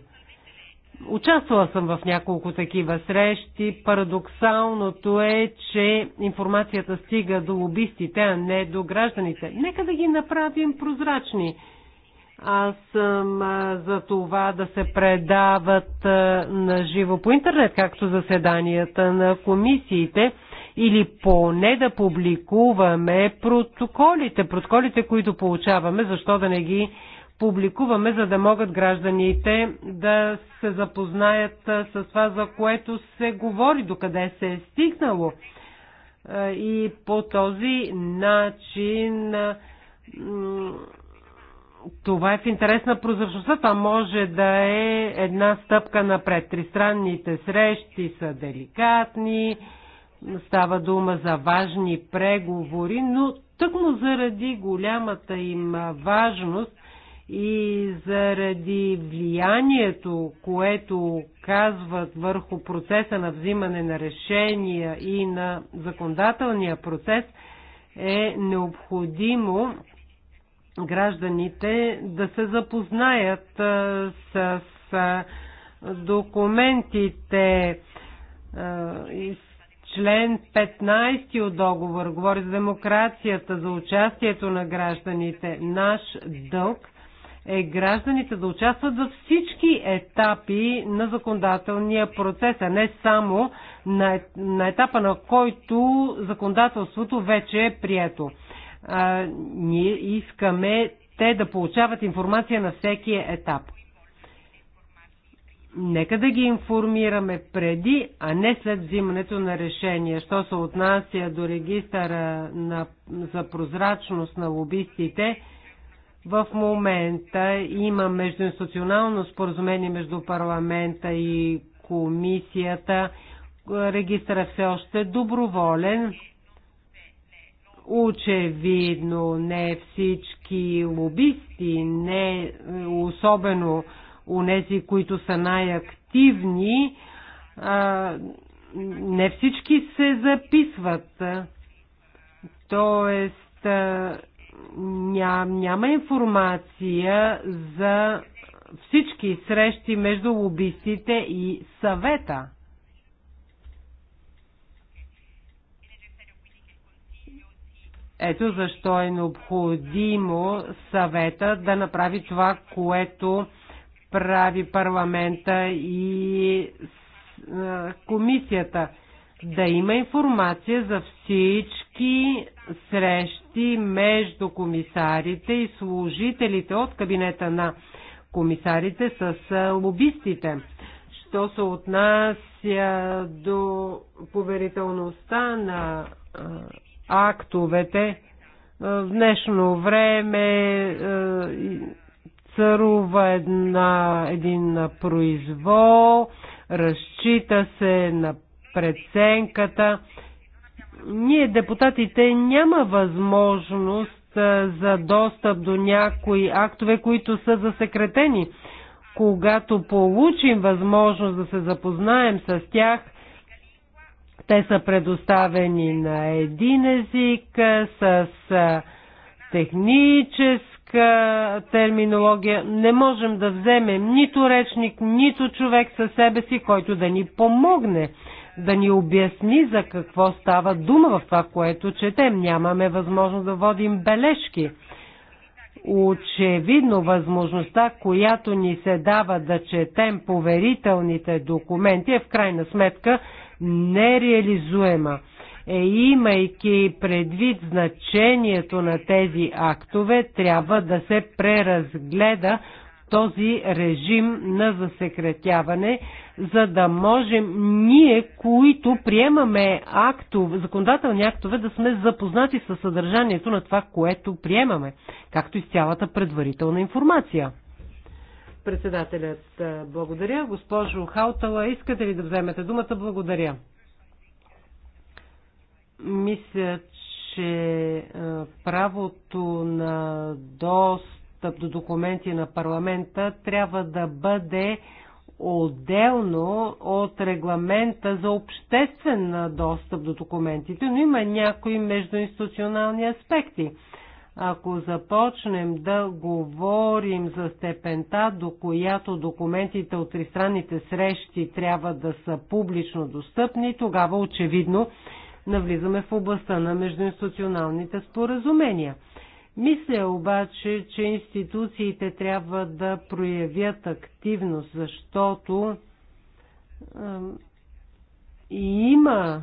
Участвала съм в няколко такива срещи. Парадоксалното е, че информацията стига до лобистите, а не до гражданите. Нека да ги направим прозрачни аз съм за това да се предават на живо по интернет, както заседанията на комисиите, или поне да публикуваме протоколите, протоколите, които получаваме, защо да не ги публикуваме, за да могат гражданите да се запознаят с това, за което се говори, докъде се е стигнало. И по този начин това е в интерес на прозрачността. Това може да е една стъпка напред. Тристранните срещи са деликатни, става дума за важни преговори, но тъкмо заради голямата им важност и заради влиянието, което казват върху процеса на взимане на решения и на законодателния процес, е необходимо гражданите да се запознаят с документите. Член 15 от договор говори за демокрацията, за участието на гражданите. Наш дълг е гражданите да участват във всички етапи на законодателния процес, а не само на етапа, на който законодателството вече е прието а, ние искаме те да получават информация на всеки етап. Нека да ги информираме преди, а не след взимането на решение. Що се отнася до регистъра на, за прозрачност на лобистите, в момента има междуинституционално споразумение между парламента и комисията. Регистъра е все още е доброволен. Очевидно не всички лобисти, не особено унези, които са най-активни, не всички се записват. Тоест, ням, няма информация за всички срещи между лобистите и съвета. Ето защо е необходимо съвета да направи това, което прави парламента и комисията. Да има информация за всички срещи между комисарите и служителите от кабинета на комисарите с лобистите. Що се отнася до поверителността на актовете. Е, в днешно време е, царува една, един произвол, разчита се на преценката. Ние, депутатите, няма възможност е, за достъп до някои актове, които са засекретени. Когато получим възможност да се запознаем с тях – те са предоставени на един език с техническа терминология. Не можем да вземем нито речник, нито човек със себе си, който да ни помогне да ни обясни за какво става дума в това, което четем. Нямаме възможност да водим бележки. Очевидно възможността, която ни се дава да четем поверителните документи е в крайна сметка нереализуема. Е, имайки предвид значението на тези актове, трябва да се преразгледа този режим на засекретяване, за да можем ние, които приемаме актов, законодателни актове, да сме запознати с съдържанието на това, което приемаме, както и с цялата предварителна информация. Председателят, благодаря. Госпожо Хаутала, искате ли да вземете думата? Благодаря. Мисля, че правото на достъп до документи на парламента трябва да бъде отделно от регламента за обществен достъп до документите, но има някои междуинституционални аспекти. Ако започнем да говорим за степента, до която документите от тристранните срещи трябва да са публично достъпни, тогава очевидно навлизаме в областта на междуинституционалните споразумения. Мисля обаче, че институциите трябва да проявят активност, защото е, има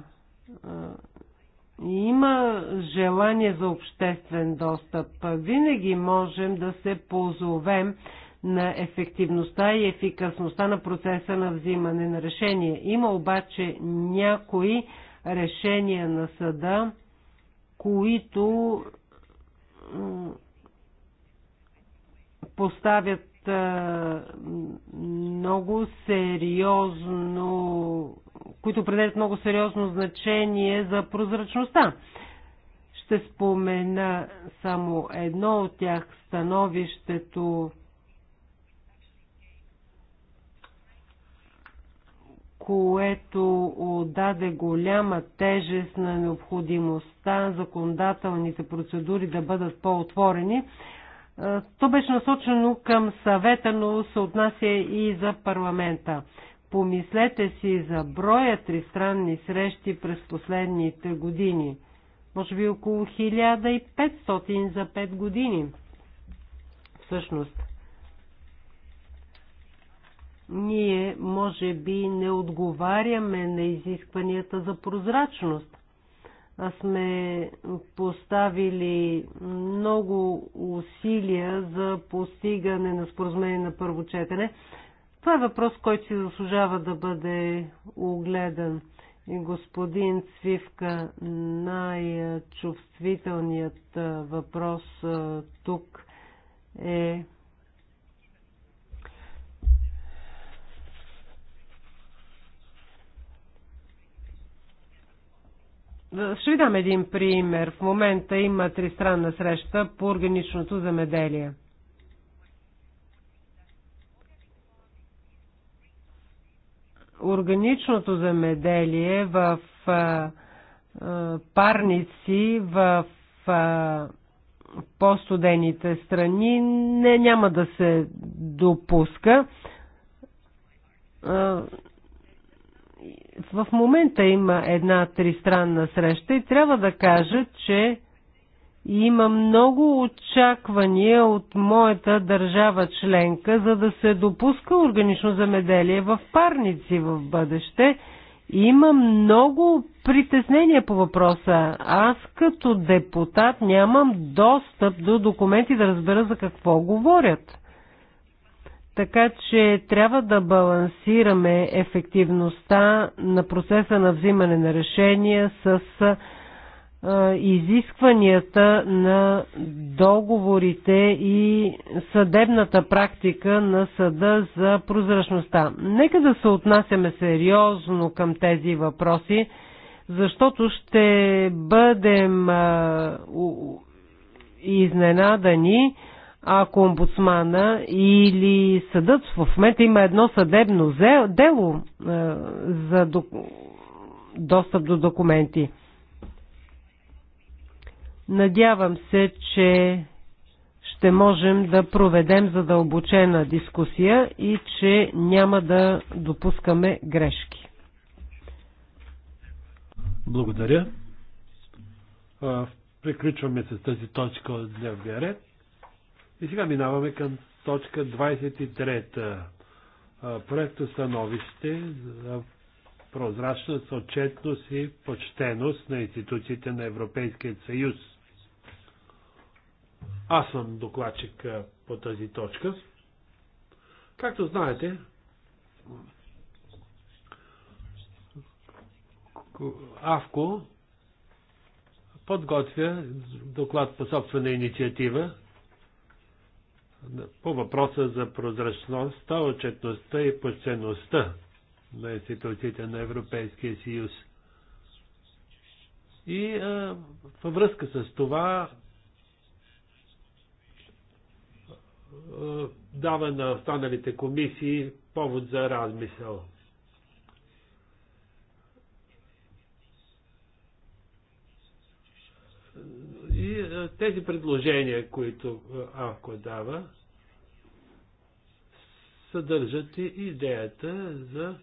има желание за обществен достъп, винаги можем да се позовем на ефективността и ефикасността на процеса на взимане на решение. Има обаче някои решения на съда, които поставят много сериозно, които определят много сериозно значение за прозрачността. Ще спомена само едно от тях становището, което отдаде голяма тежест на необходимостта законодателните процедури да бъдат по-отворени. Е, то беше насочено към съвета, но се отнася и за парламента. Помислете си за броя тристранни срещи през последните години. Може би около 1500 за 5 години. Всъщност, ние може би не отговаряме на изискванията за прозрачност сме поставили много усилия за постигане на споразумение на първо четене. Това е въпрос, който си заслужава да бъде огледан. И господин Цвивка, най-чувствителният въпрос тук е Ще ви дам един пример. В момента има тристранна среща по органичното замеделие. Органичното замеделие в а, а, парници, в а, по-студените страни не, няма да се допуска. А, в момента има една тристранна среща и трябва да кажа, че има много очаквания от моята държава членка, за да се допуска органично замеделие в парници в бъдеще. Има много притеснения по въпроса. Аз като депутат нямам достъп до документи да разбера за какво говорят. Така че трябва да балансираме ефективността на процеса на взимане на решения с изискванията на договорите и съдебната практика на съда за прозрачността. Нека да се отнасяме сериозно към тези въпроси, защото ще бъдем изненадани ако омбудсмана или съдът в момента има едно съдебно дело е, за достъп до документи. Надявам се, че ще можем да проведем задълбочена дискусия и че няма да допускаме грешки. Благодаря. Приключваме с тази точка от дневния ред. И сега минаваме към точка 23. Проекто становище за прозрачност, отчетност и почтеност на институциите на Европейския съюз. Аз съм докладчик по тази точка. Както знаете, АВКО подготвя доклад по собствена инициатива по въпроса за прозрачността, отчетността и почтеността на институциите на Европейския съюз. И а, във връзка с това а, дава на останалите комисии повод за размисъл. И е, тези предложения, които е, Авко дава, съдържат и идеята за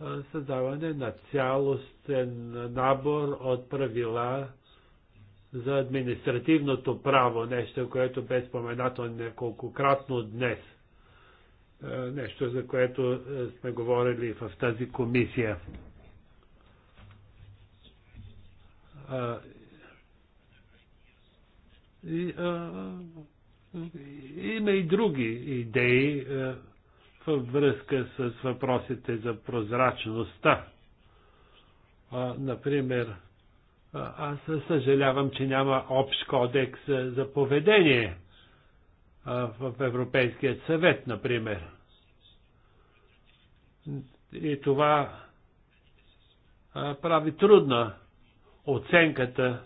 е, създаване на цялостен набор от правила за административното право, нещо, което бе споменато неколкократно днес. Нещо, за което сме говорили в тази комисия. И, а, има и други идеи а, във връзка с въпросите за прозрачността. А, например, аз съжалявам, че няма общ кодекс за поведение в Европейския съвет, например. И това прави трудна оценката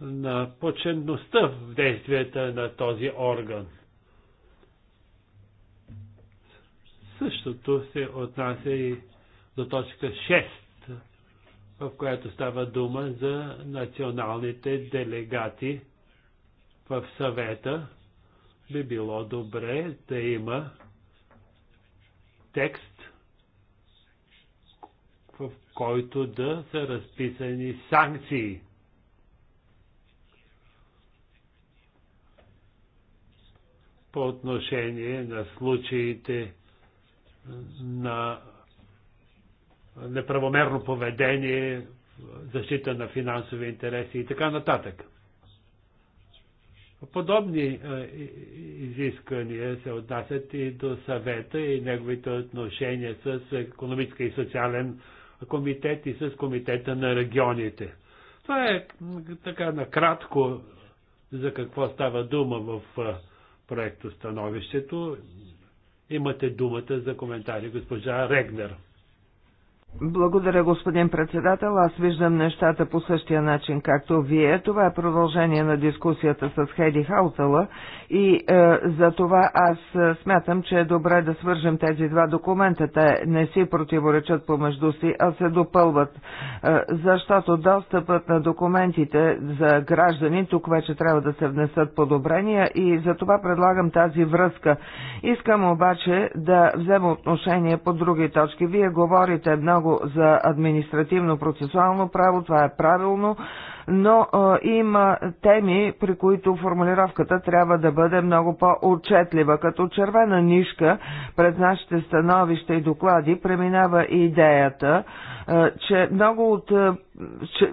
на почетността в действията на този орган. Същото се отнася и до точка 6, в която става дума за националните делегати в съвета. Би било добре да има текст, в който да са разписани санкции – по отношение на случаите на неправомерно поведение, защита на финансови интереси и така нататък. Подобни е, изисквания се отнасят и до съвета и неговите отношения с економически и социален комитет и с комитета на регионите. Това е така накратко за какво става дума в е, проекто становището. Имате думата за коментари, госпожа Регнер. Благодаря, господин председател. Аз виждам нещата по същия начин, както вие. Това е продължение на дискусията с Хеди Хаутала и е, за това аз е, смятам, че е добре да свържем тези два документа. Те не си противоречат помежду си, а се допълват, е, защото достъпът на документите за граждани тук вече трябва да се внесат подобрения и за това предлагам тази връзка. Искам обаче да взема отношение по други точки. Вие говорите много много за административно-процесуално право, това е правилно, но а, има теми, при които формулировката трябва да бъде много по-отчетлива. Като червена нишка пред нашите становища и доклади преминава и идеята, а, че много от че,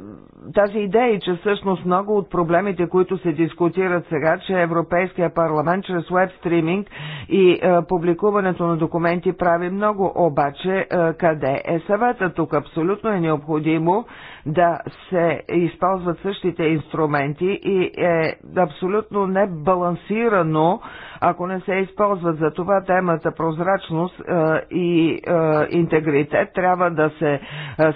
тази идея, че всъщност много от проблемите, които се дискутират сега, че Европейския парламент чрез веб стриминг и е, публикуването на документи прави много, обаче е, къде е съвета тук? Абсолютно е необходимо да се използват същите инструменти и е абсолютно небалансирано, ако не се използват за това темата прозрачност е, и е, интегритет трябва да се е,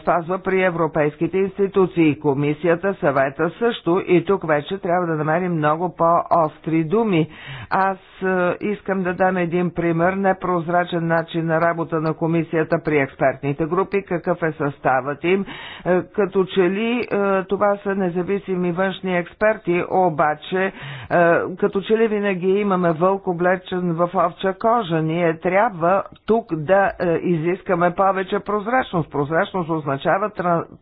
спазва при европейските институции, комисията, съвета също и тук вече трябва да намерим много по-остри думи. Аз е, искам да дам един пример, непрозрачен начин на работа на комисията при експертните групи, какъв е съставът им, е, като че ли е, това са независими външни експерти, обаче като че ли винаги имаме вълк облечен в овча кожа. Ние трябва тук да изискаме повече прозрачност. Прозрачност означава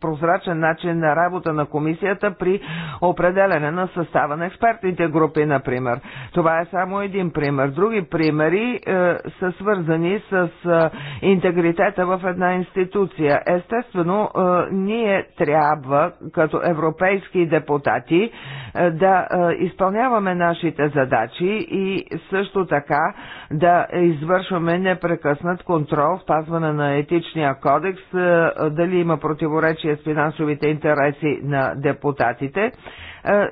прозрачност прозрачен начин на работа на комисията при определене на състава на експертните групи, например. Това е само един пример. Други примери е, са свързани с е, интегритета в една институция. Естествено, е, ние трябва, като европейски депутати, е, да е, изпълняваме нашите задачи и също така да извършваме непрекъснат контрол, пазване на етичния кодекс, е, дали има противоречие с финансовите финансовите интереси на депутатите. Е,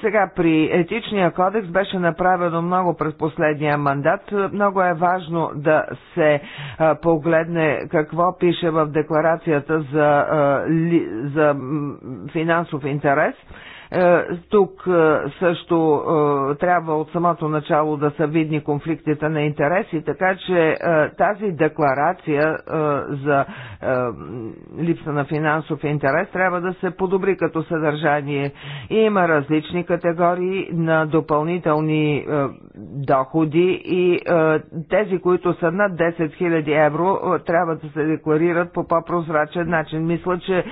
сега при етичния кодекс беше направено много през последния мандат. Е, много е важно да се е, погледне какво пише в декларацията за, за финансов интерес. Е, тук е, също е, трябва от самото начало да са видни конфликтите на интереси, така че тази декларация за липса на финансов интерес трябва да се подобри като съдържание. И има различни категории на допълнителни доходи и тези, които са над 10 000 евро, трябва да се декларират по по-прозрачен начин. Мисля, че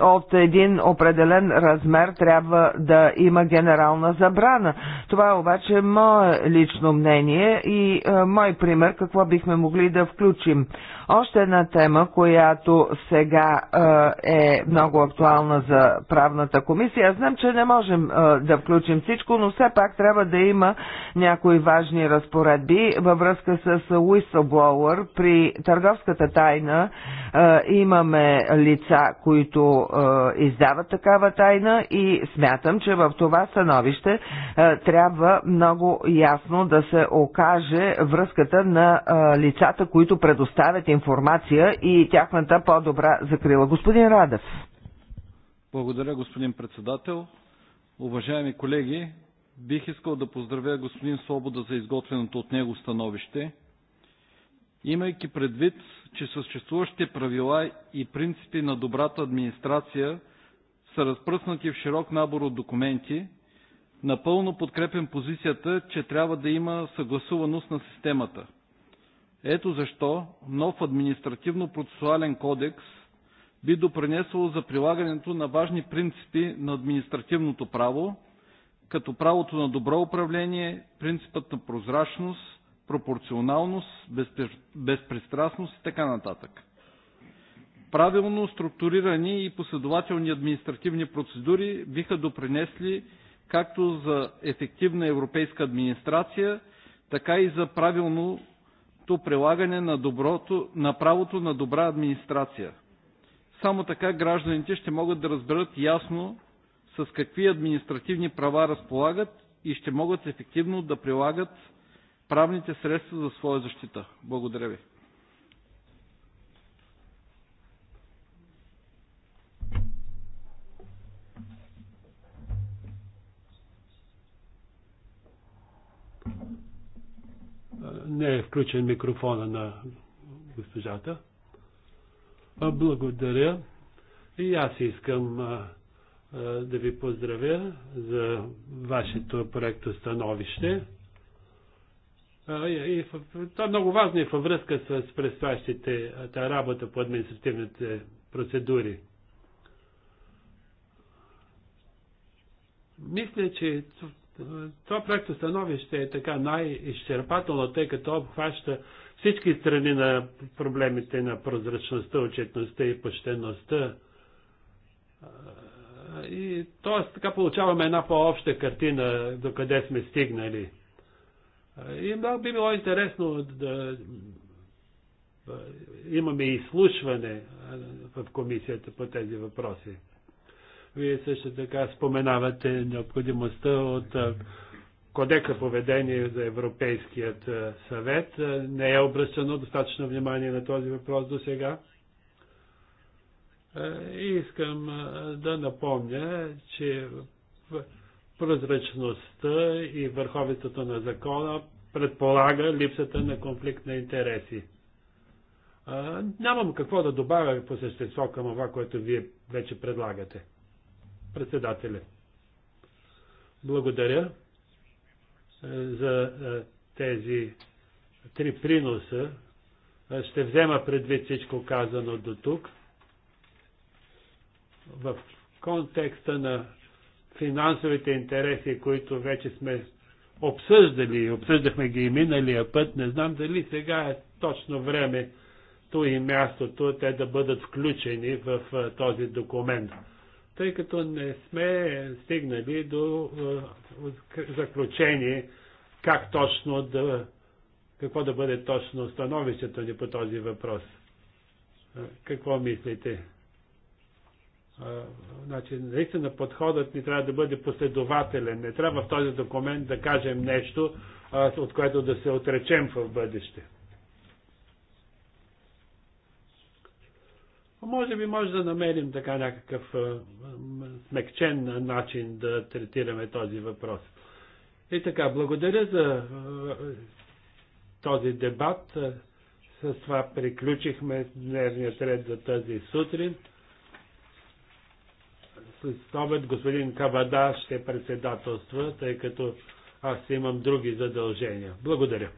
от един определен размер трябва да има генерална забрана. Това е обаче мое лично мнение и е, мой пример какво бихме могли да включим. Още една тема, която сега е, е много актуална за правната комисия. Аз знам, че не можем е, да включим всичко, но все пак трябва да има някои важни разпоредби във връзка с whistleblower. При търговската тайна е, имаме лица, които е, издават такава тайна и смятам, че в това становище е, трябва много ясно да се окаже връзката на е, лицата, които предоставят информация и тяхната по-добра закрила. Господин Радев. Благодаря, господин председател. Уважаеми колеги, бих искал да поздравя господин Свобода за изготвеното от него становище. Имайки предвид че съществуващите правила и принципи на добрата администрация са разпръснати в широк набор от документи, напълно подкрепям позицията, че трябва да има съгласуваност на системата. Ето защо нов административно-процесуален кодекс би допринесло за прилагането на важни принципи на административното право, като правото на добро управление, принципът на прозрачност, пропорционалност, безпристрастност и така нататък. Правилно структурирани и последователни административни процедури биха допринесли както за ефективна европейска администрация, така и за правилното прилагане на, доброто, на правото на добра администрация. Само така гражданите ще могат да разберат ясно с какви административни права разполагат и ще могат ефективно да прилагат правните средства за своя защита. Благодаря ви. не е включен микрофона на госпожата. Благодаря. И аз искам да ви поздравя за вашето проекто становище. И това е много важно и във връзка с предстоящите работа по административните процедури. Мисля, че това проекто становище е така най-изчерпателно, тъй като обхваща всички страни на проблемите на прозрачността, отчетността и почтеността. И, тоест, така получаваме една по-обща картина, до къде сме стигнали. И много би било интересно да имаме изслушване в комисията по тези въпроси. Вие също така споменавате необходимостта от кодека поведение за Европейският съвет. Не е обръщано достатъчно внимание на този въпрос до сега. И искам да напомня, че прозрачността и върховенството на закона предполага липсата на конфликт на интереси. А, нямам какво да добавя по същество към това, което вие вече предлагате. Председателя. Благодаря е, за е, тези три приноса. Е, ще взема предвид всичко казано до тук. В контекста на финансовите интереси, които вече сме обсъждали, обсъждахме ги и миналия път, не знам дали сега е точно времето и мястото те да бъдат включени в този документ, тъй като не сме стигнали до заключение как точно да, какво да бъде точно становището ни по този въпрос. Какво мислите? Значи, наистина подходът ни трябва да бъде последователен. Не трябва в този документ да кажем нещо, от което да се отречем в бъдеще. Може би може да намерим така някакъв смекчен начин да третираме този въпрос. И така, благодаря за този дебат. С това приключихме дневният ред за тази сутрин. След обед господин Кавада ще председателства, тъй като аз имам други задължения. Благодаря.